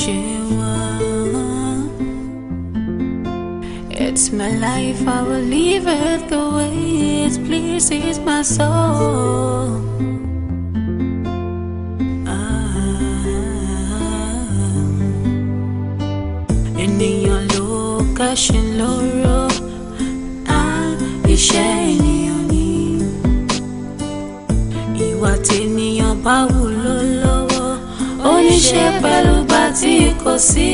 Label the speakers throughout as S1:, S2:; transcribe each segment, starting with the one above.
S1: ṣe wọ́n. It's my life, I will leave it the way it pleases my soul. Ah. in your look, Ènìyàn ló kẹ́sìn lóró, á iṣẹ́ You are Ìwà your power. ṣe pẹ̀lú gbà tí kò sí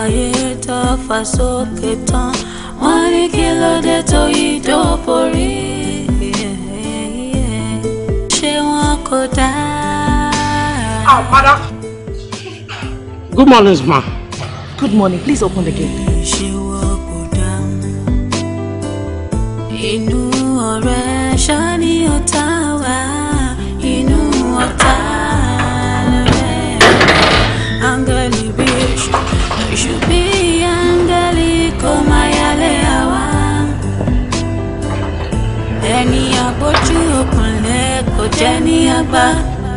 S1: ayé tó fà sókè tán wọ́n ní kí ló dé tó yí dóborí ṣé wọn kò dáa. ah
S2: good morning ma. good morning please open the gate. ṣé wọn kò dáa
S1: inú ọ̀rẹ́ ṣáà ni ọ̀tá wà inú ọ̀tá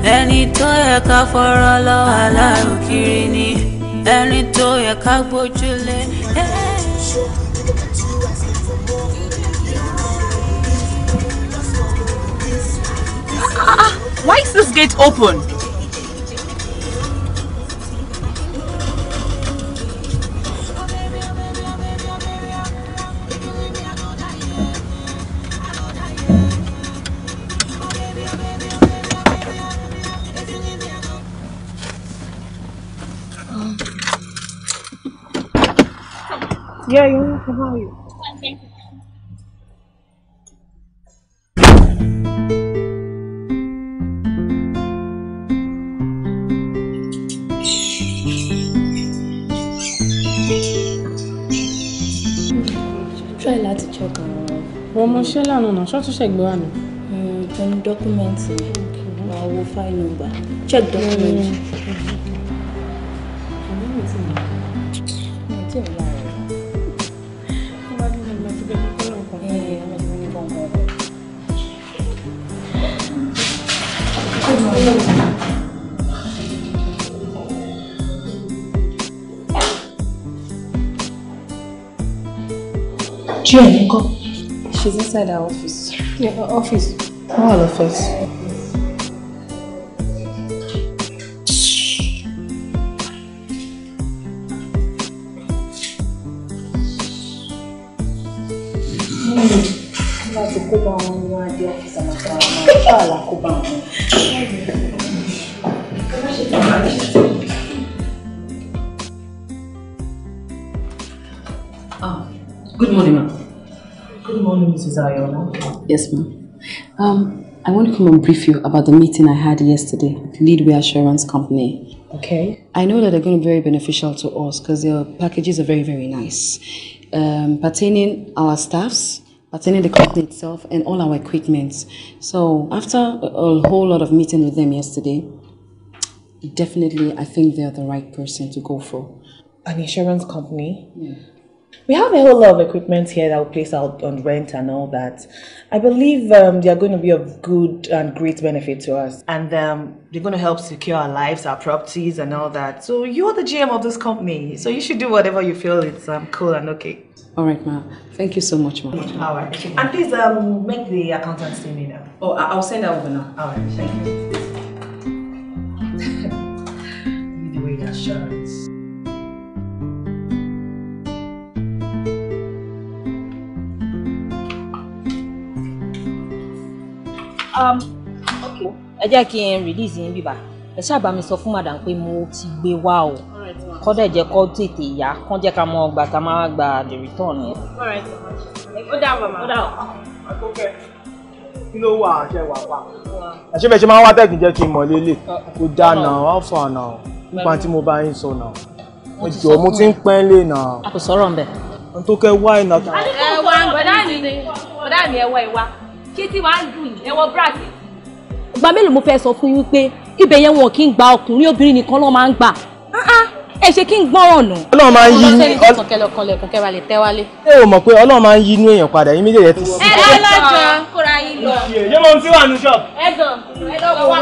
S1: ẹni tó yẹ ká fọ̀rọ̀ lọ aláàrò kiri ni ẹni tó yẹ ká gbójúlé. Ah, ah, ah. Why
S3: is this gate open?
S2: Yeah, you know how are you?
S4: Try láti check àwọn. Wọ́n mọ ṣé lánàá náà, ṣọ́ọ́ tún ṣègbè wà ní. Pẹ̀lú dọ́kúmẹ́ǹtì, màá wo fáìlì nọ́mbà,
S1: check dọ́kúmẹ́ǹtì.
S4: She ẹ̀ ní she's inside our office. Yeah, our office.
S1: wọ́n wà lọ́fẹ̀ẹ́sì.
S4: láti kó bá wọn ní wọn á dé ọ́fíìsì àmàkà wọn máa ń fà lákó bá
S5: Yes, ma'am. Um, I want to come and brief you about the meeting I had yesterday with Leadway Assurance Company. Okay. I know that they're going to be very beneficial to us because their packages are very, very nice. Um, pertaining our staffs, pertaining the company itself, and all our equipment. So after a, a whole lot of meeting with them yesterday, definitely I think they're the right person to go for.
S2: An insurance company? Yeah we have a whole lot of equipment here that we place out on rent and all that. I believe um, they are going to be of good and great benefit to us. And um, they're going to help secure our lives, our properties, and all that. So you're the GM of this company. So you should do whatever you feel
S5: is um, cool and okay. All right, ma. Thank you so much, ma. All right. And please um, make the accountant see me now. Oh, I- will send that over now. All right. Thank you.
S1: the
S4: way that's sure.
S3: Um, ẹ jẹ́ kí n release yín bíbá ẹ ṣáàbà mi sọ fún madam pé mo ti gbé wá o kọ́ dẹ̀ jẹ́ kó tètè yá kán jẹ́ ká mọ ọgbà ká máa gba the return yẹn.
S6: ó dàbọ̀ mà ó dàbọ̀. kí ló wà àṣẹ wà pa. àṣẹ bẹ́ẹ̀ ṣe máa ń wá tẹ̀kùn jẹ́ kí n mọ̀ lélẹ̀ kó dá náà wá fà náà nípa tí mo bá yín sọ náà mo jọ mo ti ń pẹ́ lé náà. a kò sọ̀rọ̀ ń bẹ̀. n tó kẹ́ wá ìnà.
S3: ẹ wá bọ̀dá mi ẹ wá ìwá ṣé tí wàá dùn yìí ẹwọ bíráàtì. ìgbà mélòó mo fẹ́ sọ fún yín pé ibẹ̀ yẹn wọn kì í gba ọkùnrin obìnrin nìkan ló máa ń gbà ah, ah. ẹ ṣe kí n gbọ́ràn
S6: nù. ọlọ́run máa ń yí ọlọ́run sẹ́ni tó kẹlẹ̀ kọlẹ̀ ọlọ́run máa ń yí inú èèyàn padà yín méjèèjì ti. ẹ lọ́jọ́ kóra yín lọ. yé mo ń tí wà nù ṣọ́ọ̀bù.
S3: ẹ jọ ẹ lọ wá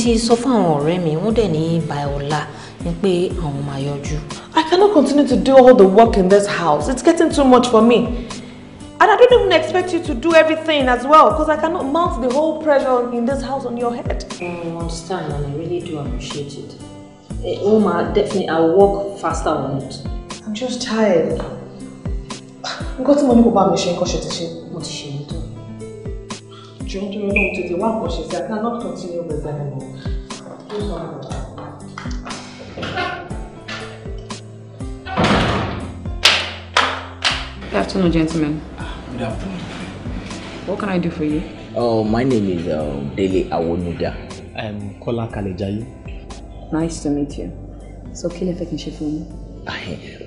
S4: ti sọ fún àwọn ọ̀rẹ́ mi wọ́n dẹ̀ ní bàọ́lá ni pé àwọn máa yọjú.
S2: I cannot continue to do all the work in this house. It's getting too much for me. And I don't even expect you to do everything as well because I cannot mount the whole pressure in this house on your head. Mm, I understand
S3: and I really do appreciate it. Eh, Uma, definitely, I'll work faster on it.
S2: I'm just tired. Nǹkan tí mo ní kò bá mi ṣe nǹkan ṣe ti ṣe. Mo ti ṣe jọ
S5: afternoon, gentlemen. Good afternoon. What can I do for you?
S2: Oh, my name is um, Dele Awonuda. I'm Kola Kalejayi.
S5: Nice to meet you. So, kí lẹ fẹ́ kí n ṣe fún mi?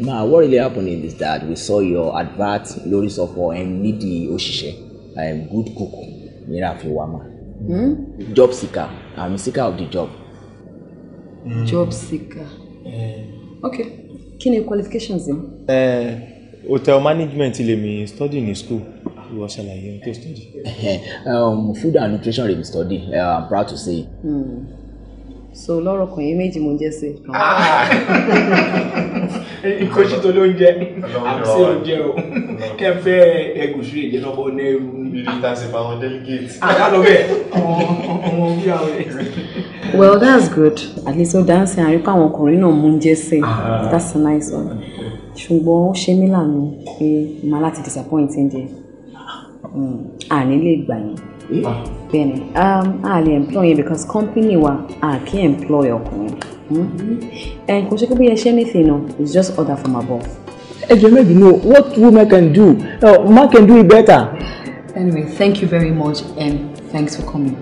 S2: Ma, what really happened is that we saw your advert lórí sọ̀fọ̀ and need the òṣìṣẹ́ um, good cook naira fi wá mà. Hmm? job seeker i'm seeker of the job. Mm. job seeker.
S5: Uh, ok kí ni qualifications yẹn.
S2: Uh, eh, hotel management lèmi study ní school ìwọ ṣàlàyé ohun tó study. Eh, um, food and nutrition lèmi study uh, i'm proud to say.
S5: Hmm. so lọ́rọ̀ kan yẹn méjì mo jẹ́ sí. Ah!
S6: ìkọ́sí tó ló ń jẹ àbí sí oúnjẹ o tẹ́ fẹ́ ẹgùn sí èdè náà ní ẹrú
S2: ní. ìdásípa àwọn delegate. àdálọ ah, bẹ́ẹ̀ ọmọ bí àwọn
S5: well that's good at least ó dáhùn and àárín pé àwọn ọkùnrin náà mú oúnjẹ sí ah. that's a nice one ah, ṣùgbọ́n ó ṣe mí lànà pé màá láti disappoint ẹ̀ jẹ́ àní lè gbà yín eh? bẹ́ẹ̀ ni um, a lè employ yẹn because company wa a kì í employ ọkùnrin ẹ̀ hmm? eh, kò ṣe pé bí ẹ ṣe anything No, it's just order from above ẹjọ́ mẹ́bí no what women can do uh, man can do it better. anyway thank you very much and thanks for coming.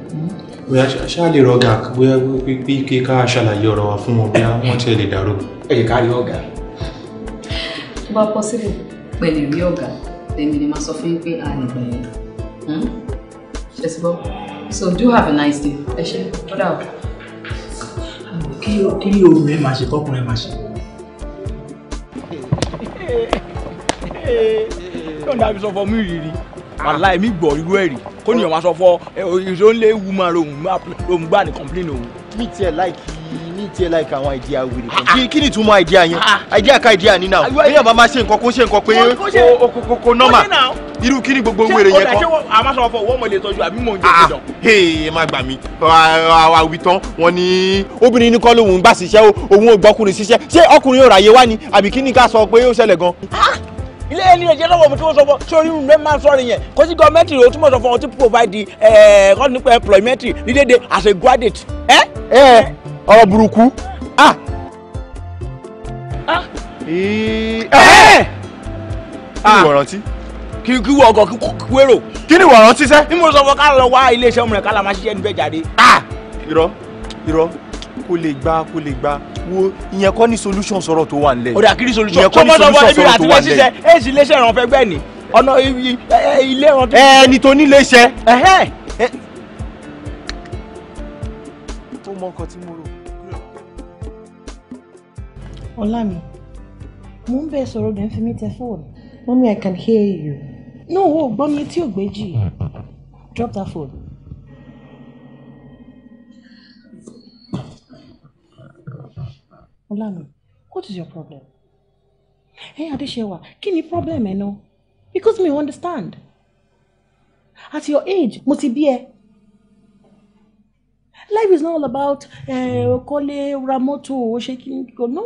S2: bóyá ṣáàlì rọgà bóyá pípé kí ká ṣàlàyé ọ̀rọ̀ wa fún wọn bí wọ́n ti lè dàrú. ẹ jẹ́ ká rí ọ̀gá.
S5: tó bá possible pẹ̀lú rí ọ̀gá lèmi ni máa sọ fún yín pé a lè bẹ̀rẹ̀ ṣe ti bọ́ so do have a nice day ẹ ṣe tó dà o.
S2: kí omi máa ṣe kọ́kùnrin máa ṣe yóò ní àbí sọ fọ mí rírì wàhálà èmi gbọ́ irú ẹ̀ rí kó nìyẹn wá sọ fọ eh, ìṣó ń lé wúmọ lòún gbà ní kọ́ńpìlín òun.
S6: mi tiẹ̀ láìkì ní tiẹ̀ láìka àwọn àìdíà wèrè kan kí ni túmọ̀ àìdíà yẹn àìdíà ká àìdíà ní náà bí yàrá bá ṣe nǹkan kó ṣe nǹkan pé kò nọ́mà irú kí ni gbogbo wèrè yẹn kọ́. ṣé
S2: o àmọ́ sọ fọ wọ́n mọ̀ lè tọ́jú àbí mò ń jẹ́ ìdán. ee má gbà mí
S6: àwì tán wọn ni obìnrin ní kọ́ lóun ń bá ṣiṣẹ́ o òun ò gbọ́kùnrin ṣiṣẹ́ ṣé ọkùnrin ò ráyè wá ni àbí kí ni ká
S2: sọ pé ó ṣẹlẹ̀ gan ah, ilé ẹni rẹ̀ jẹ́ lọ́wọ́ mi tí wọ́n sọ fọ́ sórí rẹ̀ máa ń sọ̀rọ̀ yẹn kò sí gọ́ọ̀mẹ́ntì rẹ̀ ó túmọ̀ sọ fún ọ ti provide ẹ̀ẹ́dẹ́gbẹ̀rún eh, nípa employment nídéédé as a graduate. ẹ eh? ẹ eh,
S6: ọ̀rọ̀ burúkú
S2: ah. ah. ẹ eh! ẹ eh! eh! ah! ìwọ̀rántí kí kí wọ ọkọ kí wérò. kí ni ìwọ̀ràn ti sẹ́. ní mo sọ fún ká lọ wá iléeṣẹ́ ọmọ rẹ̀ ká la máa ṣiṣẹ́ níbẹ̀ jáde. Ah!
S6: irọ́ irọ́ kó lè gba kó lè gba wo ìyẹn kọ́ ni solution sọ̀rọ̀ tó wà nílẹ̀. òdà kiri solution ìyẹn kọ́ ni solution sọ̀rọ̀ tó wà nílẹ̀.
S2: èyí sì iléeṣẹ́ ìrànfẹ́ gbẹ́
S6: ni ọ̀nà ilé ìrànfẹ́. ẹ
S2: ẹni tó ní iléeṣẹ́. ó mọ nǹkan tí mo rò Olami, mumbe mò ń bẹ sọ̀rọ̀ Mommy, I can hear you. No, oh, gbọ́ mi tí ò gbéjì. Drop that phone. Olami, what is your problem? hey, Adéṣẹ́wà, kí ni problem ẹ náà? Because me understand. At your age, mo be life is not all about eh, kọ́lé Ramoto mọ́tò ṣe kí ni kò no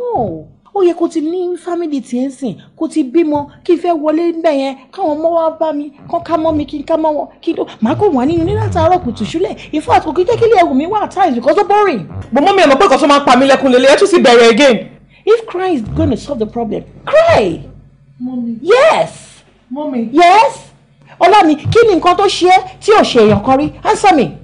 S2: ó yẹ kó ti ní fámìlì tí ń sìn kó ti bímọ kí n fẹ́ wọlé níbẹ̀ yẹn káwọn ọmọ wa bá mi kán ká mọ́ mi kí n ká mọ́ wọn kí n tó màá kó wà nínú nílá àtàárọ̀ kùtù ṣúlẹ̀ ìfọ́ àti òkè jẹ́ kí ilé ẹ̀wù mi wà times because ó boring. bọ́mọ́ mi ẹ̀ mọ̀ pé kò tó máa ń pa mí lẹ́kùn lélẹ̀ ẹ̀ tún sì bẹ̀rẹ̀ again. if cry is gonna solve the problem cry. mọ́mí. yes. mọ́mí. yes. ọlá mi kí ni nǹkan tó ṣe é tí ò answer me.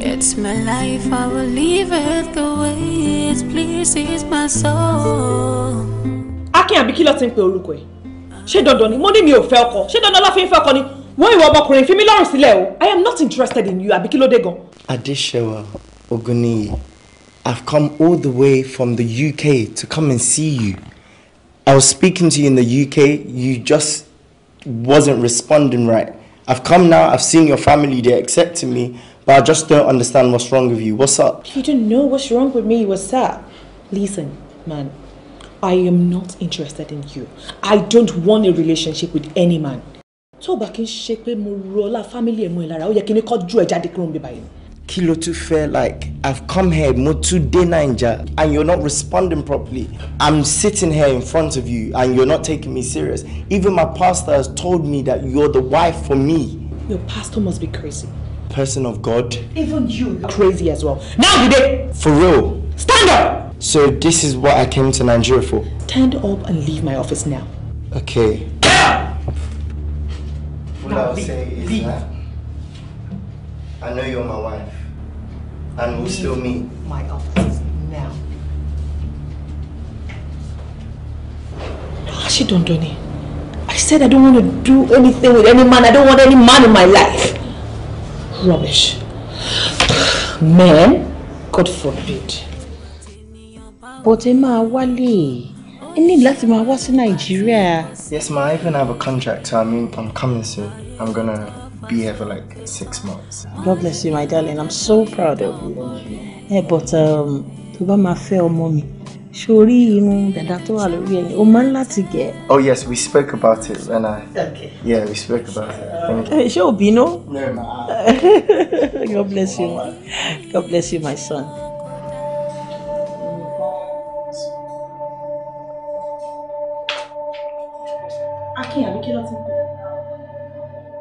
S1: It's my life, I will leave it the way it pleases my soul. Akin àbí kí ló ti ń pe orúkọ ẹ̀?
S2: Ṣé dandan ni? mi ò fẹ́ ọkọ. Ṣé dandan la fi fẹ́ ọkọ ni? Wọ́n ìwọ ọmọkùnrin fi mí lọ́rùn sílẹ̀ o. I am not interested in you Abiki kí ló dé
S6: I've come all the way from the UK to come and see you. I was speaking to you in the UK, you just wasn't responding right. I've come now, I've seen your family, they accepted accepting me, but I just don't understand what's wrong with you. What's up?
S2: You don't know what's wrong with me. What's up? Listen, man, I am not interested in you. I don't want a relationship with any man. So, back in shape, ṣe pé mo family ọlá fámílì ẹ̀ mọ́ ẹ lára ó yẹ kí n kọ́ you ẹ̀ jáde kúrò
S6: fẹ́ like I've come here mo to dé Naija and you're not responding properly I'm sitting here in front of you and you're not taking me serious even my pastor has told me that you're the wife for me.
S2: Your pastor must be crazy.
S6: person of God. Even you,
S2: crazy as well. Now you did.
S6: For real. Stand up. So this is what I came to Nigeria for.
S2: Stand up and leave my office now.
S6: Okay. All now, I leave, say is leave. that I know you're my wife, and we'll still meet. My office now.
S4: She don't do any.
S3: I said I don't want to do anything with any man. I don't want any man in my life.
S2: Rubbish. Men, God forbid. But Emma Wale, I need láti my wá in Nigeria.
S6: Yes, ma, I even have a contract, so I mean, I'm coming soon. I'm gonna be here for like six months.
S2: God bless you, my darling. I'm so proud of you. Yeah, but um, tó bá máa
S4: fẹ́ ọmọ sórí irun dàda tó wà lórí ẹ̀yìn o máa ń láti gẹ̀. oh yes we spoke about it and I okay. yeah we spoke about it thank you. Eh, ṣé o bínú. no ma.
S2: God bless you God bless you my son.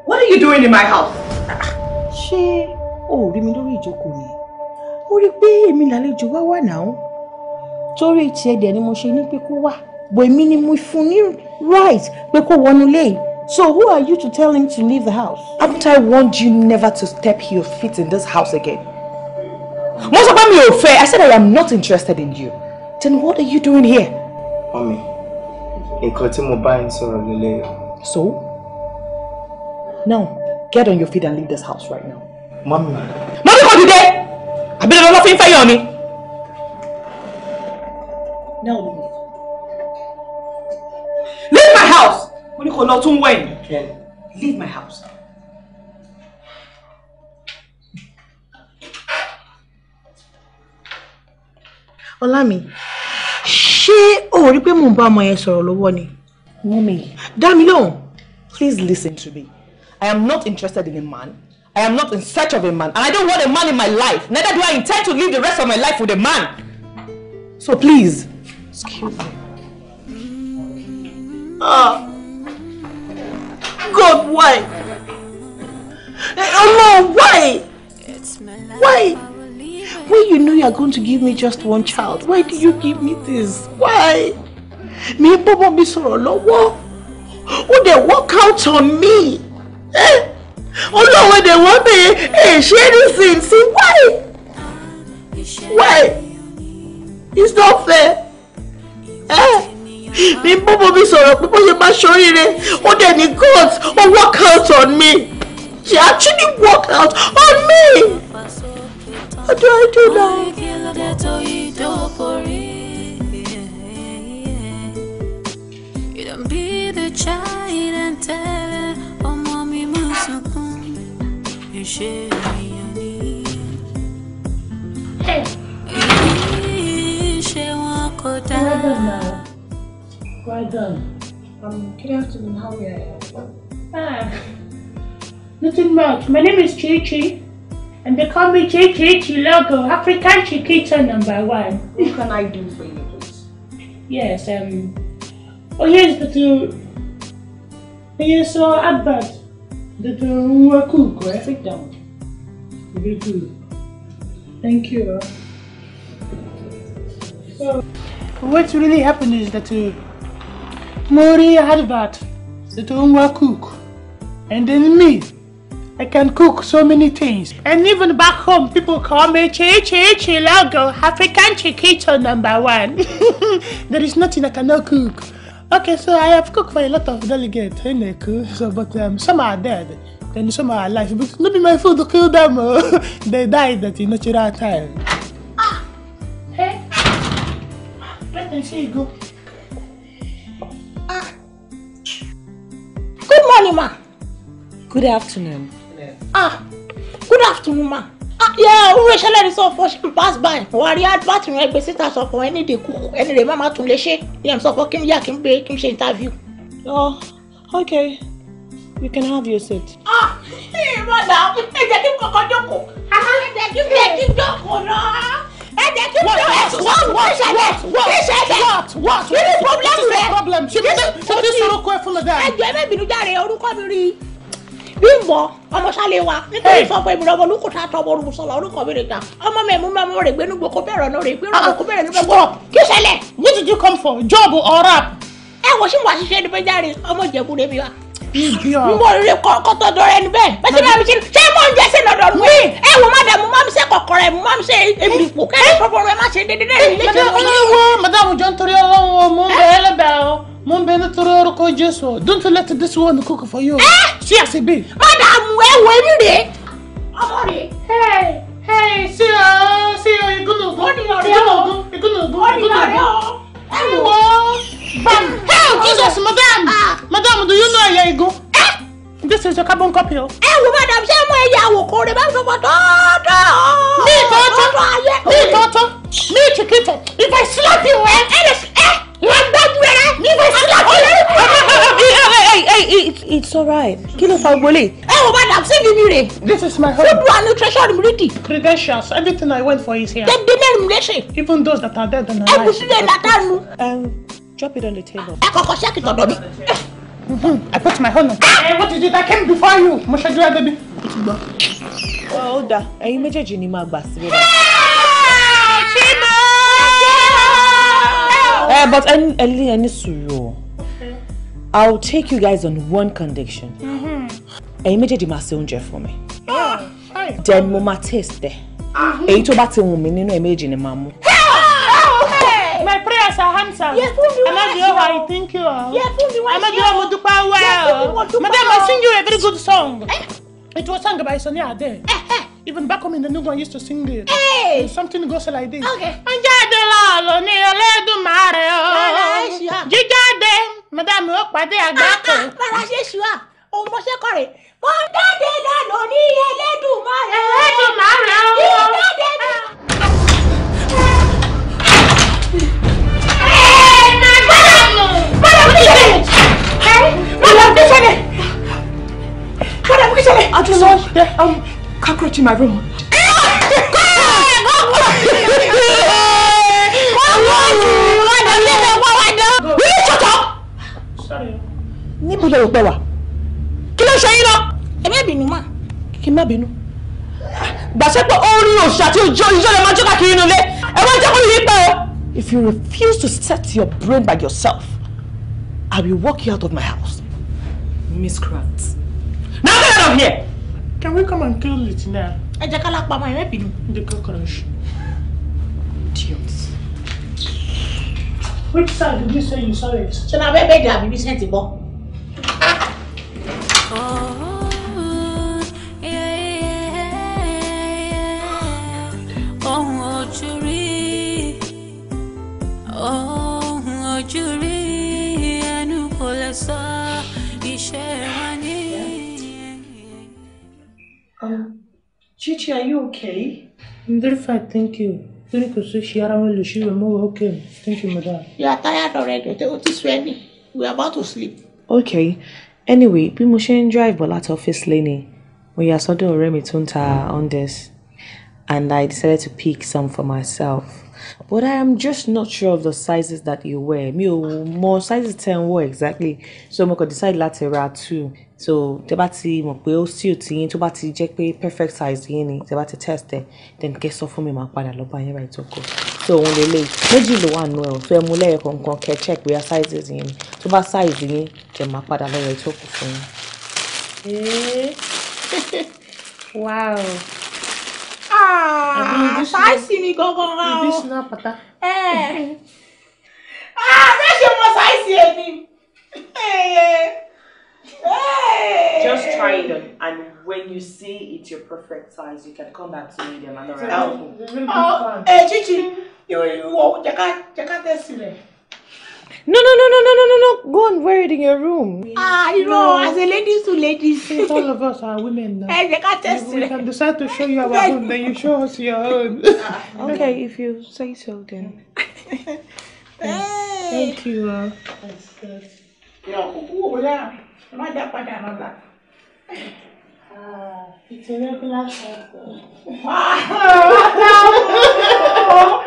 S2: What are you doing in my house? Ṣé o rí mi lórí ìjókòó ni? Mo rí i pé èmi làlejò wá wà náà torí tiẹ̀ dẹ̀ ni mo ṣe ní pé kó wá bò èmi ni mo fún ní right pé kó wọnú lé yìí so who are you to tell him to leave the house. After I warned you never to step your feet in this house again. mo sọ pé mi ò fẹ́ I said I am not interested in you then what are you doing here.
S6: mọ́mí nǹkan tí mo bá ń sọ̀rọ̀
S2: lélẹ̀. so now get on your feet and leave this house right now. mọ́mí. mọ́mí kò dìde àbí lọ́lọ́ fi ń fẹ́ yọ̀ mi. Now leave. Leave my house! Mo ní kò lọ when? wẹ̀yìn. Leave my house. Ọlámi, she o rí pé mò ń bá ọmọ yẹn sọ̀rọ̀ lọ́wọ́ ni? Please listen to me. I am not interested in a man. I am not in search of a man. And I don't want a man in my life. Neither do I intend to live the rest of my life with a man. So please. Excuse me. Ah. God, why? Oh no, why? Why? When you know are going to give me just one child, why do you give me this? Why? Mi bọ́bọ́ mi sọ̀rọ̀ lọ́wọ́. Ó they work out on me. Eh? Oh no, when they want me, eh? ṣe anything. See why? Why? It's not fair mi ń bọ́bọ̀ mi sọ̀rọ̀ pé bó ṣe máa ṣoríire ó dẹ̀ ní god ó work out on me she actually work out
S1: on me what do I do now. Quite down. Well done, Nara. done. Um, good afternoon. How are you?
S2: Ah, nothing much. My name is Chi Chi, and they call me Chi Chi Chilogo, African Chiquita number one. What can I do for you, please? Yes, um, oh yes, but you, yes, so Abbas, that you are cool, go sit down. Very good. Thank you. So, what really happened is that uh, Mori had that, that Ongwa cook, and then me. I can cook so many things. And even back home, people call me Che Che African Chiquito number one. there is nothing I cannot cook. Okay, so I have cooked for a lot of delegates eh, in Eku, so, but um, some are dead and some are alive. But not be my food to kill them, they died at the natural time. There Ah. Good morning, ma. Good afternoon. Yeah. Ah. Good afternoon, ma. Ah, yeah, We shall ṣẹlẹ̀ ní sọ fún ṣe pass by. Wà are rí advert rẹ̀ gbé busy. That's all for any kúkú ẹni rẹ̀ má má tún lè ṣe. Ìyẹn so fún kí n yà kí n gbé interview. Oh, okay. You can have your seat. Ah, eh, hey, ìmọ̀dà, ẹ jẹ́ kí n kọ́kọ́ jókòó. Ẹ jẹ́ kí n
S1: jókòó náà
S2: ẹ̀jẹ̀ kí ló ẹ̀ wọ́n wọ́n ṣẹlẹ̀ kí ṣẹlẹ̀ kí ni problem rẹ̀ ṣùgbọ́n tí soroko ẹ̀ fúnlẹ̀ dáa. ẹ̀jẹ̀ ẹ̀mẹ́ bínú járe orúkọ mi rí Bímbọ́ ọmọ sálẹ̀ wa nítorí sọ́kọ̀ ìmúra ọmọ olùkọ́ tá a tọ́ ọmọ orúkọ sọ̀lá orúkọ mi rè ta ọmọ mi mú ọmọ rẹ̀ gbénú gbòkó bẹ̀rẹ̀ ọ̀nà rẹ̀ gbénú gbòkó bẹ̀rẹ̀ ọ̀nà gbòkó kí ṣẹlẹ̀. What did you come for? Job or rap? ẹ wò sí mo àṣìṣe ẹni pé járe ọmọ Ìjẹ̀bú rẹ̀ mi wa mo rí kọ́kọ́ tó dọ̀rọ̀ ẹni bẹ́ẹ̀ bẹ́ẹ̀ tí màmí ṣe ṣé mò ń jẹ́sẹ̀ lọ́dọ̀ don't let this one cook for you. Eh? ẹ ṣí àṣẹ bẹ́ẹ̀. madam ẹ wọ èmi rè é ọmọ rè é. sí ọ sí ọ igun ogun igun ogun igun
S1: ogun igun ogun.
S2: ẹ wọ bam. hey Jesus madam. Ah egun ẹ́ this is your carbon copy o. ẹ wo madam ṣé mo ẹyẹ àwòkọ rẹ bá ń sọpọ tọ́tọ́. ní ìtọ́tọ́ ní ìtọ́tọ́ ní ìtìkìtì
S1: if I slap you ẹ ẹ lè ẹ wọ́n gbájú ẹ rẹ if I slap
S2: it's alright kí fa gbólé. ẹ wo madam ṣé bíbí rè. this is my home. food and nutrition ready. credentials everything I went for is here. dem dey mẹ́rin lẹ́sẹ̀. even those that are dead and alive. ẹ kù sílẹ̀ látàánú. Um, drop it on the table. ẹ kọ̀kọ̀ ṣẹ́kì tọ̀dọ̀ mi. I put my horn on. Hey, eh, what is it? I came before you. Mo ṣojú ẹ, baby. Ó ti gbọ́. Ó dáa, ẹ̀yin méjèèjì ni máa gbà síbẹ̀.
S1: Ẹ eh, but ẹni
S2: ẹni sùúrù o. I take you guys on one condition. Are you Major? ṣe oúnjẹ fún mi. Ah, Then mo máa taste ẹ̀. Ah. Èyí tó bá ti wù mí nínú ẹ̀ méjèèjì ni màá mú yes hamsa amadi o i I thank you amadi o mo dúpẹ́ well madam i sing you a very good song eh? it was sung by Sunny Ade eh, eh. even back home in the new one used to sing it hey. And something goes like this. ọjọ́dé lọ́ọ̀lù ni Olódùmarè o ah, ah, jíjáde madam ó pàdé ah, àgbákò. bàrà ṣe ṣùgbọ́n òun mọṣẹ́ kọ́ rẹ̀ kọ́ jáde lọ́ọ̀lù ni Olódùmarè o jíjáde lọ́ọ̀lù. Madam, kí ṣẹlẹ̀? Madam, kí ṣẹlẹ̀? I just know. There, um, cockroach in my room. Níbo lè pẹ́ wà? Kí ló ṣe yín lọ? Ẹ má bínú mà. Kí má bínú. Gbàṣẹ́ pé ó rí òṣì àti ìjọ ìjọ lè máa jọ́ káàkiri inú ilé. Ẹ wá jẹ́ kó yí pẹ́ o. If you refuse to set your brain by yourself, I will walk you out of my house. Miscreants. Now get out of here! Can we come and kill it I just jẹ́ ká my máa The cockroach. Idiots. Which side did you say you saw it? I na bẹ́ẹ̀ have dàbí bí sẹ́ǹtì bọ́? Lucy, are you okay? I'm very fine, thank you. Torí kò sí ṣe ara wọn lè ṣe ìwọ̀n mọ́wọ́ okay. Thank you, madam. You are tired already. O ti sùn ẹni. We are about to sleep. Okay. Anyway, we mo ṣe ń drive bọ̀ láti ọ́fíìsì lẹ́nìí, mo yà sọ́dọ̀ ọ̀rẹ́ mi tó ń and I decided to pick some for myself but I am just not sure of the sizes that you wear. Me, more sizes tẹ́ ń exactly so I'm gonna decide láti ra two so tẹ́ bá ti mọ̀ pé ó sì ti yín tó bá ti jẹ́ pé perfect size yín ni tẹ́ bá ti test ẹ̀ then kẹ́ sọ fún mi màá padà lọ bá yín ra ìtọ́kọ so òun lélẹ̀ méjì ló wà nù ẹ̀ so ẹ mú lẹ́yìn kọ̀ọ̀kan kẹ́ check bóyá sizes yín ni tó size yín jẹ́ màá padà lọ ra ìtọ́kọ fún yín.
S6: wow.
S2: Ah, ṣáìsì ni gangan ra o bẹ́ẹ̀ ah, ṣe mọ Hey,
S1: hey, Just try them,
S2: and when you see it's your perfect size, you can come back to me them and alright. Oh, eh, Chichi, you you you ká you ká test it no no no no no no no no go and wear it in your room. ah you know as a ladies to ladies. since all of us are women now. Hey, they can't test rẹ. we can decide to show you our own then you show us your own. okay
S1: if you say so then. hey. thank you. Uh.
S2: yọ kúkú wò dá má dá padà lọ́la. Ah, it's a regular cycle. Ah,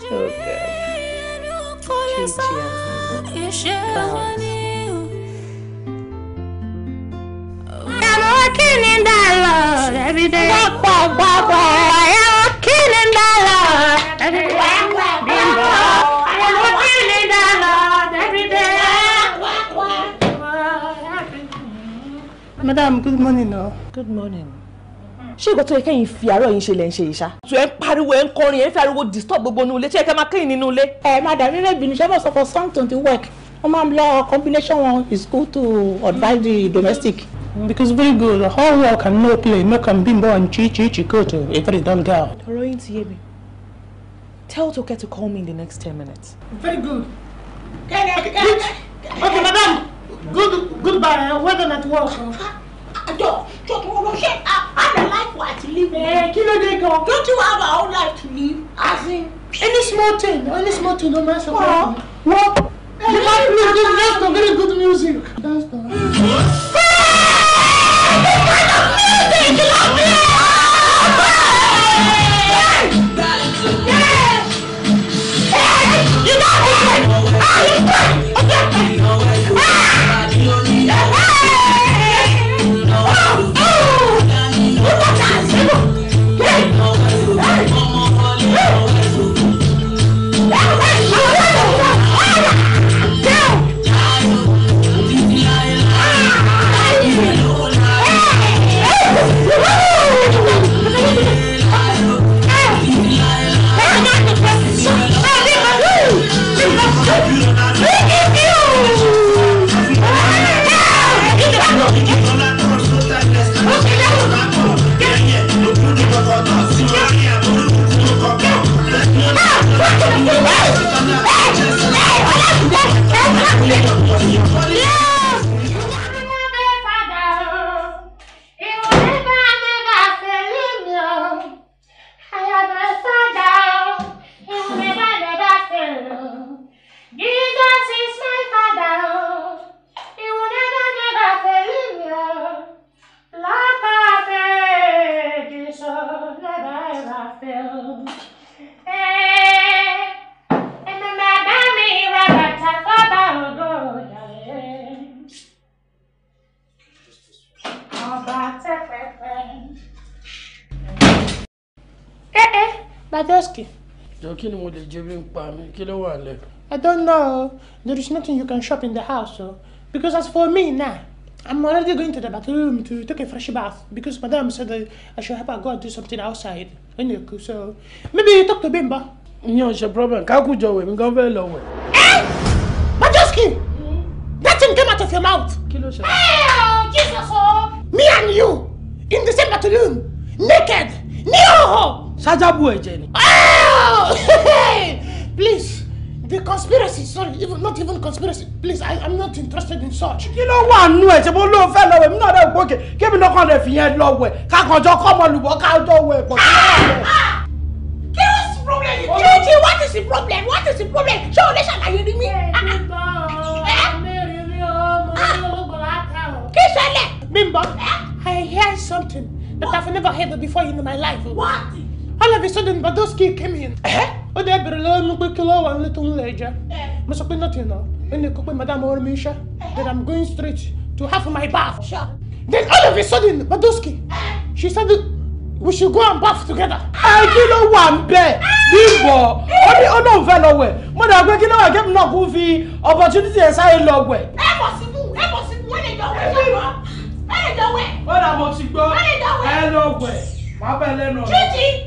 S1: So good. Chichi. I'm working in that love every day. Bah, bah, bah, I am working in that love every day.
S2: Madam, good morning. No. Oh. Good morning ṣé ìgbà tó yẹ kẹ́yìn fi àárọ̀ yín ṣe lẹ́ ń ṣe ìṣá. tó ẹ ń pariwo ẹ ń kọrin ẹ ń fi ariwo disturb gbogbo inú ilé tí ẹ kẹ́ máa clean nínú ilé. ẹ madam nínú ìbínú ṣé bọ́sọ̀ for something to work wọ́n máa ń lọ combination one is good to advise the domestic. Mm, because very good all work and no play make am bimbo and chi chi chi go to a very dull girl. ọ̀rọ̀ yín ti yé mi tell Toke to call me in the next ten minutes. very good. okay madam good goodbye well done at work àjọ jọ̀kí wọn lọ ṣe àpàdé láìpọ̀ àti líwọ̀. ẹ eh, kí ló dé gan. don't you have our own life to live as in. any small thing any small thing no matter what. wọ́n eh, the man play good dance to very good music. dance to. You me.
S1: You know, I'm
S2: mo lè jẹ bí n pa mi kí ló wà lẹ. I don't know there is nothing you can shop in the house o because as for me now I'm already going to the bathroom to take a fresh bath because madam said I should help her go and do something outside anyway so maybe you talk to Bimba. ní ọ̀sẹ̀ problem kákùjọ wẹ̀ mi gan fẹ́ lọ wẹ̀. ẹ eh? Majoski hmm? that thing came out of your mouth. kí ló ṣe.
S1: Jesus o. Oh.
S2: me and you in the same bathroom naked ní ọ̀hún ṣájábù ẹ̀jẹ̀ ni.
S1: Ah!
S2: please the conspiracy sorry even, not even conspiracy please I am not interested in such. kí ló wà nù ẹ̀ ṣe bó ló fẹ́ lọ́wọ́ èmi náà rẹ̀ gbókè kébì náà kàn lè fi yẹn lọ wẹ̀ kákanjọ́ kọ́mọlùbọ́ kájọ́ wẹ̀ pọ̀ sí ah! ọ̀rọ̀ problem? Oh. Gigi, what is the problem? What is the problem? Ṣé o lè ṣàlàyé ni mí? Ah! Eh? Kí ṣẹlẹ̀? Bimbo, eh? I hear something that I've never heard before in my life. What? all of a sudden Badowski came in. Eh? ó dẹ́ bèrè lọ́wọ́ mi pé kí ló wà nílé tó ń lẹ̀ jẹ́ eh. mo sọ pé nothing náà ó ní pé madam ọ̀rọ̀ mi ṣe eh. that I'm going straight to have my bath. Sure. then all of a sudden Badowski she said we should go and bath together. ẹ kí ló wà ń bẹ Bímbọ́ ó ní ó náà fẹ́ lọ wẹ̀ mo dà pé kí ló wà kébì náà kún fi opportunity ẹ̀ sáré lọ wẹ̀. ẹ bọ̀ síbú ẹ bọ̀ síbú ẹ lè jọ wẹ̀ lọ́wọ́ lè jọ wẹ̀. ó dà mo ti ẹ lọ wẹ̀ má bẹ̀ lẹ́nu ọ̀rọ̀.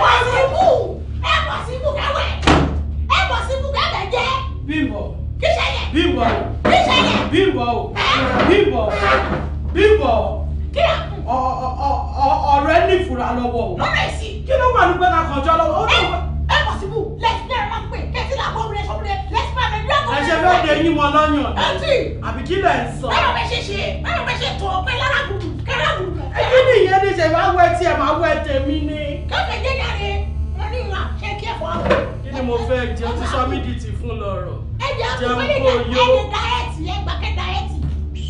S2: Bímbọ́. kí ṣẹlẹ̀. Bímbọ́. kí ṣẹlẹ̀. Bímbọ́ o. Bímbọ́. Bímbọ́. kí ló kù. ọ̀rọ̀ ẹ ní ìfura lọ́wọ́ o. lọ́rọ̀ èsì. kí ló wà nígbà náà kànjọ́ lọ́wọ́. ẹ ẹ pọ̀ síbù lẹ́sìn náà máa ń pè kẹ́sì làbọ̀ rẹ̀ sọ́kùn rẹ̀ lẹ́sìn máa rẹ̀ lọ́kùn rẹ̀. ẹ ṣe fẹ́ de yín mọ lọ́yàn. àǹtí. àbí kí lẹ̀ ń sọ. báwo bẹ ṣe ṣe báwo bẹ ṣe tọ̀ ọ̀pẹ lára gùdù kẹ́rà gùdù. ẹ kí ni ìyẹn ní ṣe máa wẹ tí ẹ máa wẹ tèmi ni. kẹ́kẹ́ jẹ́ jáde wọ́n ní ìlà ṣe kí ẹ fọ́. kí ni mo fẹ́ jẹ́ ẹ̀jẹ̀ ọkùnrin ní ẹ̀jẹ̀ dáẹ́tì ẹ̀ gbàkẹ́ dáẹ́tì.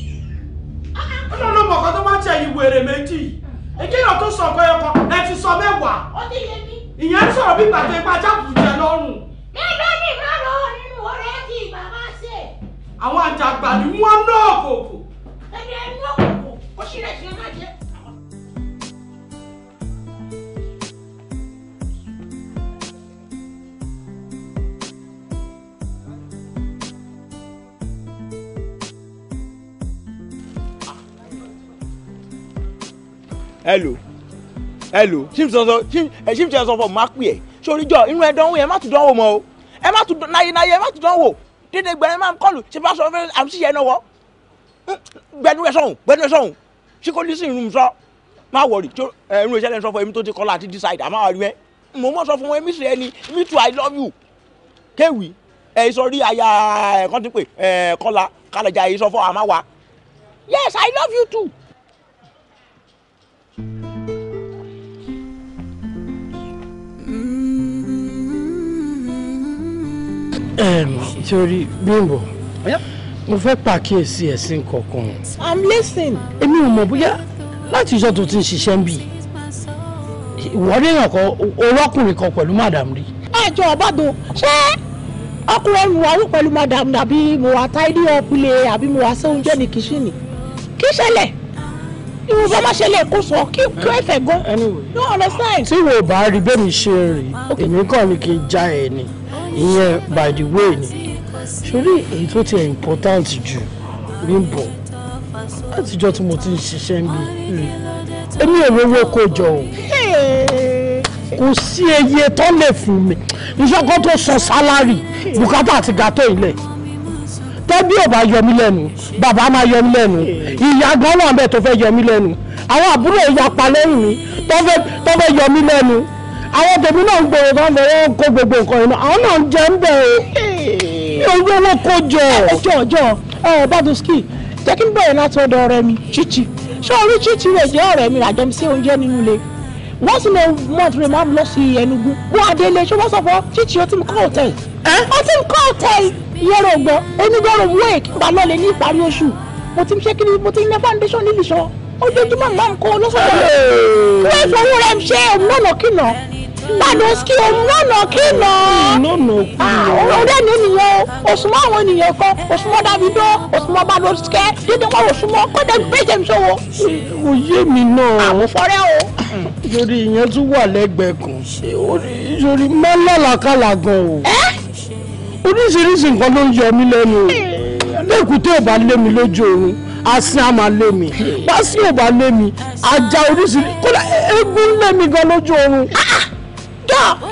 S2: ọlọ́run mọ̀ kan tó máa ń tẹ̀ yìí wèrè méjì ìkéyàn tó sọ ọ̀kan ẹ̀kọ́ ẹ ti sọ mẹ́wàá. ó ti yé mi. ìyẹn sọ̀rọ̀ bí gbàgbé ipa jábùú jẹ lọ́rùn.
S1: mẹ́lẹ́ ní ìbára nínú ọ̀rẹ́ kí bàbá ṣe.
S2: àwọn àjàgbà ni wọ́n ná òkòkò. ẹni ẹni òkòkò ó ṣì rẹ̀ ṣe má jẹ́. hello hello ṣíbi tí ẹ sọ fọ máa pè ẹ ṣoríjọ inú ẹ dánwò yẹn má tún dánwò mọ́ o ẹ má tún náyé náyé ẹ má tún dánwò dédé gbẹ̀rẹ̀ máa ń kọlù ṣe bá sọ fẹ́ àmì ṣìyẹn náà wọ́ gbẹnu ẹ sọ̀hún gbẹnu ẹ sọ̀hún ṣé kò ní sí irun sọ má wọ̀rì ẹnu ìṣẹ̀lẹ̀ ń sọ fún ẹ̀mí tó ti kọ́ láti decide àmọ́ àrí ẹ mo mọ̀ sọ fún wọn ẹ̀mí sì ẹni me too i love you kéwì ẹ̀ sọ rí aya ẹ̀kan ti pè ẹ̀ kọ́la kálẹ̀jà yìí sọ fún àmà wa yes i love you too. torí Bímbọ́ mo fẹ́ pàkíyèsí ẹ̀sìn kọ̀ọ̀kan i'm listening èmi ò mọ̀ bóyá láti ìṣọ́ tó ti ń ṣiṣẹ́ ń bì ìwọ́dé yàn kọ́ olókùnrin kan pẹ̀lú madam rí. àjọ ọ̀bàdàn ṣé ọkùnrin olùwàwù pẹ̀lú madam àbí mo wà táìdí ọ̀pìlẹ̀ àbí mo wà sí oúnjẹ ní kìsìnì kí ṣẹlẹ̀ ìwọ bá má ṣe kó sọ kí kí ẹ fẹ́ gan. no understand. tí wo bá rí bẹ́ẹ̀ mi ṣe rí èmi kàn ní kí n já ẹ ni ìyẹn by the way ni ṣorí èyí tó ti important jù rí ń bọ̀ látijọ́ tí mo ti ń ṣiṣẹ́ ń bí èmi ò rówó kó jọ o kò sí iye tó lè fún mi ìṣọ́kọ́ tó sọ sálárì bùkátà àti gàtó ilẹ̀ tẹ́bí ò bá yọ mí lẹ́nu bàbá máa yọ mí lẹ́nu ìyá gan-an náà bẹ́ẹ̀ tó fẹ́ yọ mí lẹ́nu àwọn àbúrò ìyá pa lẹ́yìn mi tó fẹ́ yọ mí lẹ́nu àwọn tèmi náà ń gbòòrò bá lọ́wọ́ kó gbogbo nǹkan iná àwọn náà ń jẹ ń bẹ̀ o mi ò rówó kó jọ. jọjọ ẹ bàdùn ski jẹ́ kí n bẹ̀rẹ̀ láti ọ̀dọ̀ ọ̀rẹ́ mi chichi ṣé orí chichi rẹ̀ jẹ́ ọ̀rẹ́ mi àjọmísí oúnjẹ nínú ilé wọ́n sì lọ mọ́tò rẹ̀ máa ń lọ sí Enugu wọ́n adélé ṣé wọ́n sọ fọ́ chichi ó ti ń kọ́ hòtẹ́ẹ̀lì. ó ti ń kọ́ hòtẹ́ẹ̀lì yẹ́rọ gbọ́ enugọ́rọ̀ wake balọ̀lẹ̀ ní ìparí oṣù mo ti ń ṣe kiri mo ti ń lẹ foundation nílùú ṣọ ojoojúmọ́ máa kó olóṣèlú. wọ́n rẹ̀ ṣe òun náà kìnnà
S1: Gbàdọ̀síkì òmùnánà kìnà.
S2: Ìnànà kìnà. Ọ̀rẹ́ mi nìyẹn o, òsùnmọ́ àwọn ènìyàn kan, òsùnmọ́ Davido, òsùnmọ́ Gbàdọ̀síkẹ́, dídí wọn òsùnmọ́ kọ́dẹ̀ méje mi sọ̀wọ́. Ó yé mi náà. Àmúfọ́rẹ́ ah, o. Yorì ìyẹn tún wà lẹ́gbẹ̀ẹ́ kan. Yorì máa ń lálàkàlà gan o. Oríṣiríṣi nǹkan ló ń yọ mí lẹ́nu o. Lẹ́kùté ò bá lé mi lójú oorun asin a máa lé mi pásí ò bá lé mi ajá oríṣiríṣi kódà eégún lé mi gan lójú oorun. Ah,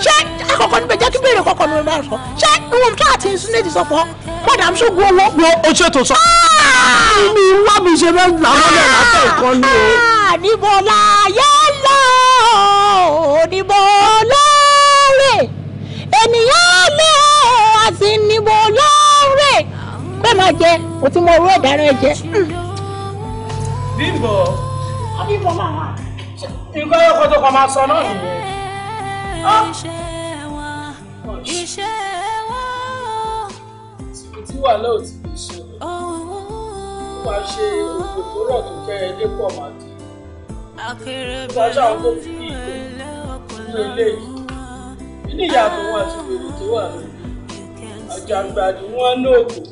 S2: ṣé àkọ́kọ́ níbẹ̀ jẹ́ kí béèrè kọ́kọ́ ló máa sọ ṣé ìwọ̀n tó àti ìsúnéjì sọ fọ́ madam ṣùgbọ́n ọlọ́gbọ́. o ṣe tó sọ. mi ah! wá mi ṣe fẹ́ làwọn náà látọ̀ ìkan ní o. Ah! níbo la yẹ lọ níbo lóore ènìyàn lé àti níbo lóore pé máa jẹ o ti mọ orú ọ̀daràn ẹ jẹ. bímbọ. Hmm. bímbọ ah, máa wà. nǹkan ẹ̀kọ́ tó kọ́ máa sọ náà nìyẹn
S1: iṣẹ́ wa iṣẹ́ wa. àsìkò tí wàhálà oh. ò ti lè ṣe rẹ̀ ó máa
S2: ṣe òkò tó rọ̀ tó kẹ́ ẹ dépọ̀ máa di. ìbáṣà àwọn tó fi
S1: kí ìlú ilé yìí nínú ìyá àtọwọ́ àti
S2: wèrè tó wà lórí àjàgbàdì wọn lóògùn.